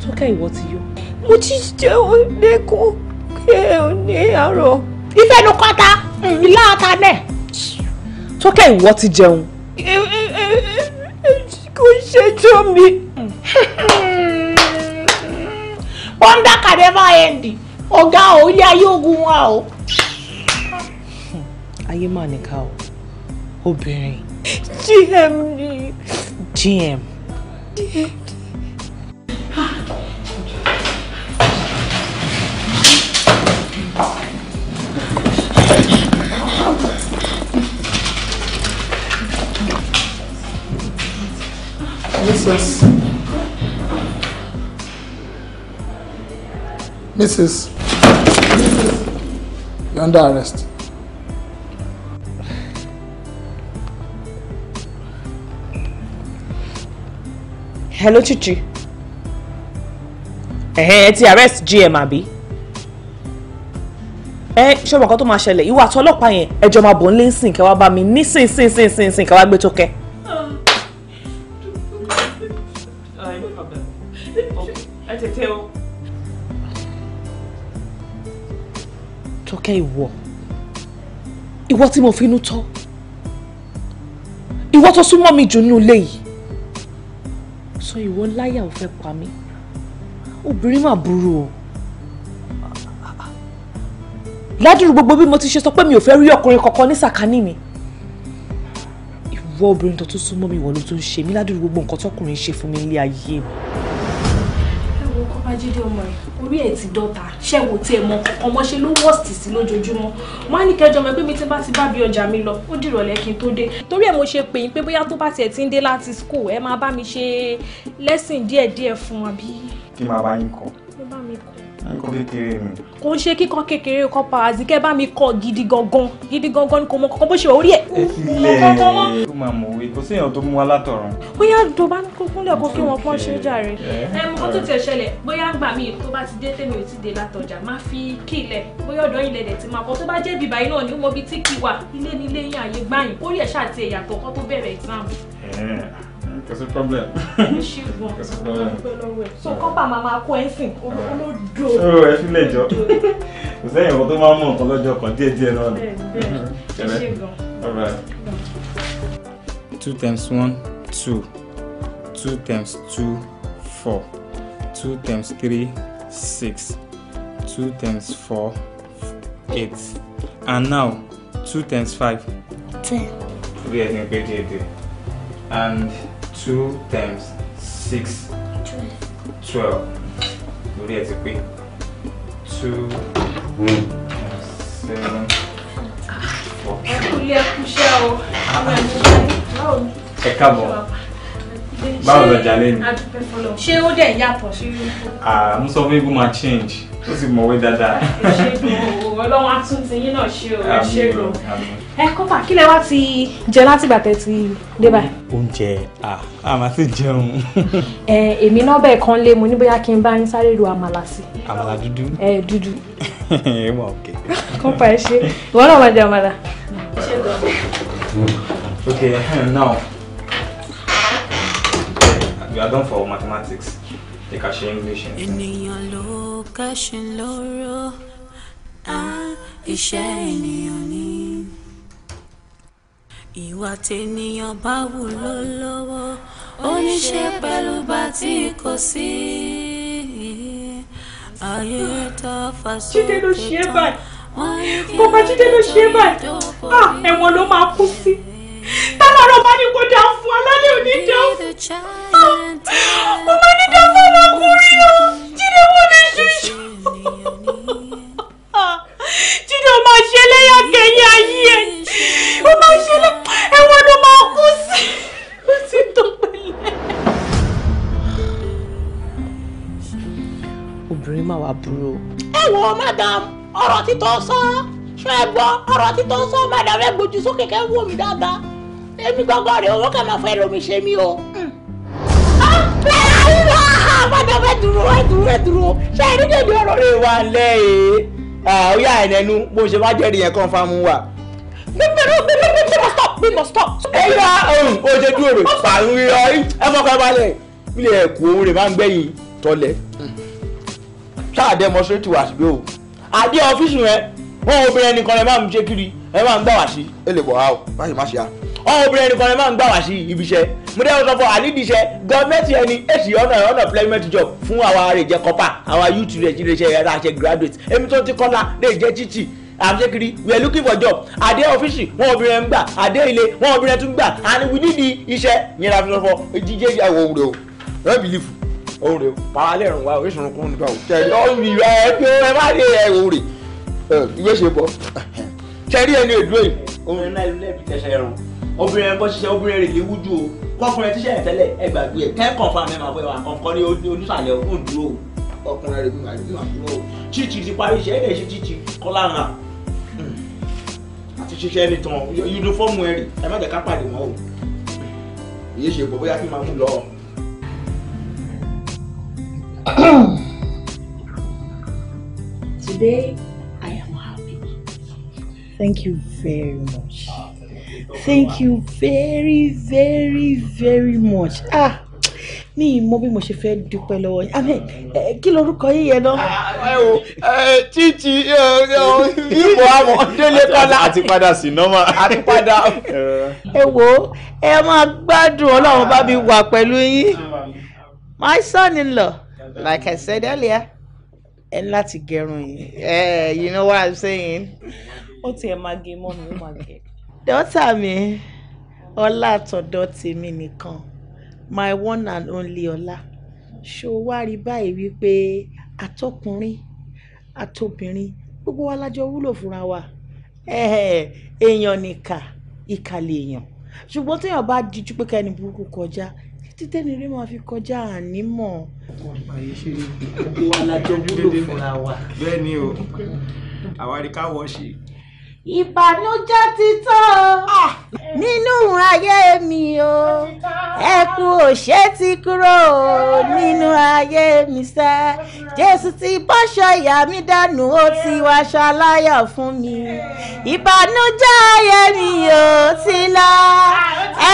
S2: tókẹ́ ìwọ ti yó. mo ti jẹun lẹ́kọ̀ọ́ ẹ̀hún ní àárọ̀. ìfẹnukọta ìlà ata náà. tókẹ́ ìwọ ti jẹun. kò ṣẹjọ́ mi. wọ́n ń dákàdé báyẹn dì ọ̀gá ò wa o ayé mà níkà o obìnrin.
S3: gm ni. gm. gm.
S2: Mrs. Mrs. Mrs. You're under arrest. hello chichi ẹ̀hẹ́n ti arrest gm àbí ẹ ṣé ọmọ kan tó máa ṣẹlẹ̀ ìwà àtọlọ́pàá yẹn ẹjọ́ máa bọ̀ ń lé ń sìn kẹwàá bá mi nísinsìnyìnsìn kẹwàá gbé tó kẹ́. Tókẹ́ ìwọ ìwọ tí mo fi inú tọ́ ìwọ tó súnmọ́ mi jù nínú ilé yìí
S3: sọ ìwọ láyà ò fẹ́
S2: pa mí obìnrin mà burú o ládùúrú gbogbo bí mo ti ṣe sọ pé mi ò fẹ́ rí ọkùnrin kankan ní sàkání mi ìwọ obìnrin tó tún súnmọ́ mi ìwọ ló tún ṣe mí ládùúrú gbogbo nǹkan tọkùnrin ṣe fún mi nílé ayé mi.
S3: Babájídé ọmọ ẹ̀ orí ẹ̀ ti dọ́ta ṣẹ́wò tí ẹ mọ ọmọṣe ló wọ́ọ̀sì sí lójoojúmọ́ wọ́n á ní kẹjọ mọ̀ pé mi ti bá ti bá bí ọjà mi lọ ó dìrọ̀lẹ́ kí n tó dé torí ẹ̀ mo ṣe pè yín pé bóyá tó bá tiẹ̀ ti ń dé láti school ẹ máa bá mi ṣe lẹ́sìn díẹ̀díẹ̀ fún wa bí.
S6: kí máa bá yín kọ́. mo bá mi kọ́ kíkọ́ kékeré mi.
S3: kò ń ṣe kíkọ́ kékeré kọ́ parazí kẹ́ bá mi kọ́ gidi gangan gidi gangan ni kò mọ kọ́kọ́ bó ṣe orí ẹ̀.
S6: ẹ ti lẹ kó máa mọ òwe kò séèyàn tó mú wa látọ̀run.
S3: bóyá tó bá ní kúnlẹ̀ kó kí wọn pọ́n ṣe jàre.
S6: ẹ mọ kó tó tiẹ̀
S3: ṣẹlẹ̀ bóyá gbà mí tó bá ti dé tèmi ò ti dé látọjà má fi kílẹ̀ bóyá ọ̀dọ́ ilẹ̀ dẹ̀ ti máa kọ́ tó bá jẹ́ bìbá iná ni ó mọ tí kì wà ilé nílé yín àyè gbáyìn exam
S1: kò sí problem. kò sí problem.
S3: so kọ́pà máa máa kó ẹ̀sìn olódò. ṣé o
S6: ẹ fi lè jọ kò sẹ́yìn ọkọ tó máa ń mọ nǹkan lọ́jọ́ kan díẹ̀ díẹ̀ náà ni. bẹ́ẹ̀ mm-hmm. ṣe gan. two times one two two times two four two times three six two times four eight and now two times five
S1: ten. three
S6: ẹ̀sìn pé díẹ̀ díẹ̀ and two times six twelve lórí ẹ ti pé two times seven four. ẹkúlé ẹkúṣẹ́ o àwọn ẹ̀mí báwo ni. ẹ káàbọ̀
S3: báwo lọ jalè ni. ṣé ó dẹ̀ yàtọ̀ sí. àmúsọ fún ibú máa change ó sì mọ̀wé dáadáa. ìṣègùn ọlọ́wọ́n àtúntì yín náà ṣe o ìṣègùn. ẹ kọ́pà kílẹ̀ wá ti jẹ láti bàtẹ́ ti dé báyìí.
S6: oúnjẹ a máa ti jẹun.
S3: ẹ be náà bẹ́ẹ̀ kan lé mo ní bóyá kí n bá yín sáré ro àmàlà sí. àmàlà dúdú. ẹ dúdú.
S6: ẹ wà òkè.
S3: kọ́pà ẹ ṣe ìwọ náà okay now
S6: you are done for mathematics. They can share English and
S1: Ènìyàn ló kẹ́sìn lóró, á iṣẹ́ ènìyàn ni. Ìwà tènìyàn bá wù ló lọ́wọ́, ó ní ṣe pẹ̀lú bá tí kò sí. Ayé tó fà sókè
S3: tán.
S2: Bàbá Jídé ló ṣe é báyìí. Ah, ẹ̀wọ̀n ló máa kú sí. Tálára ọba ní kó dá fún alálẹ̀ òní dá fún ní dá fún ọmọkùnrin o
S1: jíde wọn ní ṣíṣú
S2: jíde o máa ṣe ayé ẹ̀ o máa ẹ̀wọ̀n ló máa kú sí ó sì tó obìnrin máa wà burú ẹ wo madam ọ̀rọ̀ títọ́ sọ ṣọ́ ẹ gbọ́ ọ̀rọ̀ títọ́ sọ madam ẹ gbójú sókè kẹ́ wò mí dáadáa èmi gbọ́ngàn rẹ̀ owó kà máa fẹ́ romi ṣe mí o. Bàdà fẹ́ dúró fẹ́ dúró fẹ́ dúró ṣé ẹni jẹ̀bi ọ̀rọ̀ rẹ̀ wà lẹ́yìn. Ọ̀yá
S6: ẹ̀nẹ́nu bó ṣe bá jẹ́rìí yẹn kàn fáwọn wà. Bẹ́ẹ̀ni bẹ́ẹ̀ni bẹ́ẹ̀ni must stop we must stop. Ẹ yá ohun o ṣe dúró rẹ̀ pàrọ̀ yọ ẹ fọkàn balẹ̀ ilé ẹ̀kọ́ òun rẹ̀ máa ń gbẹ̀yìn tọ́lẹ̀. Ṣáà demonstrate wà síbí o. Àdé ọ́fíìsì
S2: rẹ̀ wọ́n obìnrin ẹnìkan rẹ̀ máa ń ṣe kiri ẹ máa ń gbà wá sí. Ẹ lè bọ̀ wá o, má ṣe má ṣe á obìnrin
S6: nìkan ẹ máa ń gbà wá sí ibi iṣẹ́ mo dẹ́ sọ fún ànídìí iṣẹ́ gọ́ọ̀mẹ́ntì ẹni èsì ọ̀nà ọ̀nà employment job fún àwa rẹ̀ jẹ́ kọ́pà àwa youth rẹ̀ ti ṣe ẹ̀rọ àṣẹ graduate èmi tó ti kọ́lá lè
S2: jẹ́ títì àṣekiri we are looking for job àdé ọ́fíìsì wọn obìnrin ń gbà àdé ilé wọn obìnrin tún
S6: gbà and we need iṣẹ́ yẹn la fi sọ fọ jíjẹ́ ìyàwó òwúrẹ́ o no believe òwúrẹ́ o pàrọ̀ alẹ́ ìrùn wa oríṣiríṣi kún nígbà o tẹ̀lé ọ̀rùn ìwà pé ẹ má dé ẹ̀ òwúrẹ́ ìwé ṣe bọ̀ tẹ̀lé ẹni èdúró yìí. ọmọ náà ilé ìbí tẹ̀sẹ̀ ẹ̀rùn obìnrin ẹ̀kọ́ ṣiṣẹ́ obìnrin rẹ̀ léwu ju o kọkùnrin tíṣẹ́ yẹn tẹ́lẹ̀ ẹ ẹ̀ kẹ́kọ̀ọ́ fún amẹ́mà fún ẹwà kọ̀ọ̀kan ní onísàlẹ̀ òun dúró o ọkùnrin rẹ̀ gbìyànjú mà dúró o chichi ti parí iṣẹ́ ẹ̀ chichi kọ́lá ra àti ṣiṣẹ́ ní tán yunifọ́ọ̀mù ẹ̀rì ẹ ká pàdé wọn o èyí ṣe bọ̀ bóyá kí n máa mú lọ.
S4: Today I am happy. Thank you very much. Uh, thank you
S2: very very very much ah mi mọ bí mo ṣe fẹ́ dúpẹ́ lọ́wọ́ yín amen kí lorúkọ yín yẹn náà. ẹ o títí ìbò àmọ́ délé kọ́lá. àti padà sí nọ́mà. àti padà. ẹ wo ẹ máa gbádùn ọlọ́run bá mi wà pẹ̀lú yín my son-in-law like i said earlier ẹ ní láti gẹrun yín you know what i'm saying. ó tiẹ̀ máa gé mọ́ mi ó máa gẹ̀ dọ́tà mi ọlá àtọ̀dọ̀ tèmi nìkan my one and only ọlá ṣó wá rí báyìí wípé àtọkùnrin àtobìnrin gbogbo wa lájọ wúlò fúnra wa èèyàn nìkà ìkà lèèyàn ṣùgbọ́n téèyàn bá dijú pé kẹ́ni burúkú kọjá títẹ́ ni rí máa fi kọjá ànímọ̀. gbogbo wa lájọ wúlò fúnra wa. bẹ́ẹ̀ ni o àwa
S6: rí ká wọ́ ṣe
S2: ìbànújẹ́ ti tán ah, nínú ayé mi o ẹkún òṣè ti kúrò nínú ayé mi sẹ́ Jésù ti bọ́ṣọ ìyà mi dànù ó ti wáṣọ aláyọ̀ fún mi ìbànújẹ́ ayé mi o ti lọ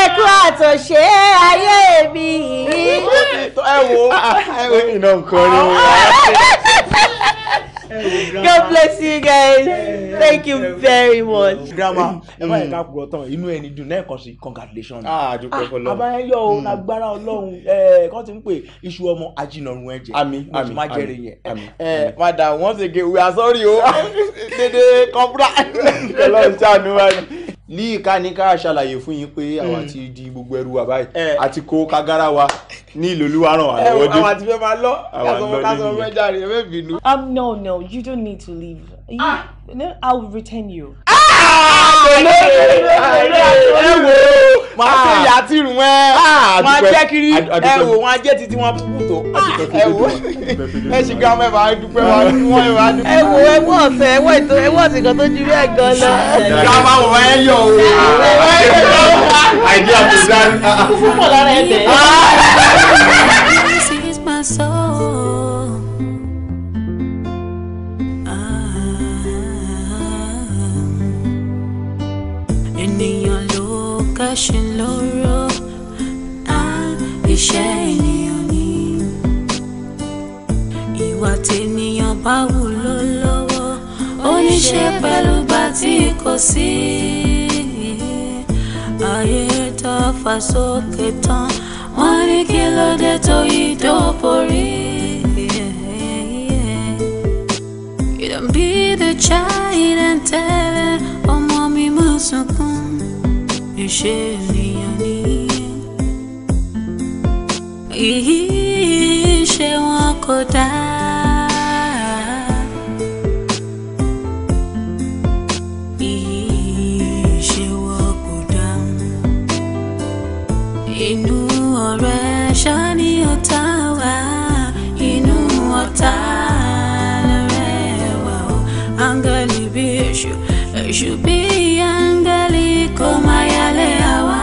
S6: ẹkún àtòṣe ayé mi. ẹ wo
S2: ẹ wo iná nǹkan ni. God bless you guys. Thank you very much. Grandma, ẹ má yẹ ká kúrò mm. tán, inú ẹni dùn náà kàn sí congratulations. a ah, àdúpẹ́ ah, fọlọ́. Àbáyé yọ o, lágbára mm. Ọlọ́run, kọ́ ti ń pè iṣu ọmọ
S6: ajínọ̀run ẹ̀jẹ̀. Àmín, àmín, àmín. Ẹ Madam, once again, we are sorry o. Dédé kọ́púrà. Ọlọ́run ṣàánú wa líìka ní ká ṣàlàyé fún yín pé àwa hmm. ti di gbogbo ẹrù wa báyìí eh. àti kó kagara wa ní ìlòlúwa ràn wá eh,
S2: dé. àwa ti fẹ́ máa lọ kásánwó kásánwó fẹ́ jàre bínú. um no no you don't need to leave ah. no, I will retain you ẹ wò ó wọn á tẹ ìyá tí irun ẹ wọn á jẹ kiri ẹ wò wọn á jẹ títí wọn búbú tó ẹ wò ẹ ṣì gan mẹ́fà á dúpẹ́ wọn wọn ìwà dúpẹ́. ẹ wò ẹ wọ ọsẹ ẹ wọ ètò ẹ wọ ọsẹ kan tó ju bẹ́ẹ̀ gan lọ. ká má wọ ẹ yọ o àìdí àbùdá. fúnfún pọ̀ lára ẹ̀ tẹ̀.
S1: ṣe lóró á iṣẹ́ ènìyàn ni ìwà tènìyàn bá wù ló lọ́wọ́ ó ní ṣe pẹ̀lú bá tí kò sí ayé tó fà sókè tán wọ́n ní kí ló dé tó yí tó You don't be the child and tell it, ọmọ mi mọ̀ sunkún ìṣe ènìyàn ní. ìṣe wọn kò dáa. ìṣe wọn kò dáa. inú ọ̀rẹ́ ṣá ni ọ̀tá wà inú ọ̀tá lọ́rẹ́ wà ó áńgẹ́lì bí èṣù èṣù bí bọ́mọ ayálẹ̀ awa,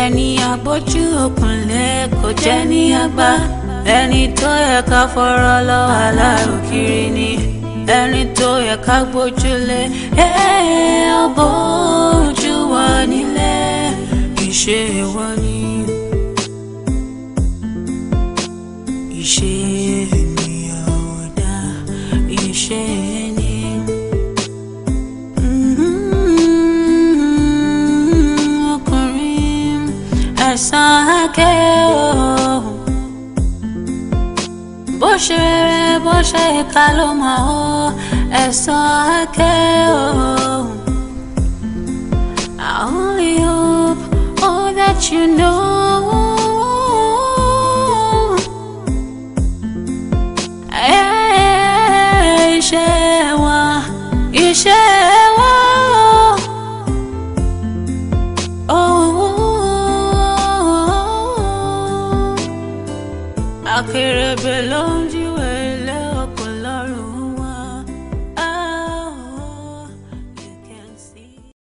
S1: ẹni àbójú òpìnlẹ̀ kò jẹ́ ní àgbà ẹni tó yẹ ká fọ̀rọ̀ lọ aláàrò kiri ni ẹni tó yẹ ká gbójúlé ẹ eh, ọbọ̀ ojú wa nílẹ̀ ìṣe ìwọ sans akeo bó ṣe rere bó ṣe ká ló máa akeo I only hope oh that you know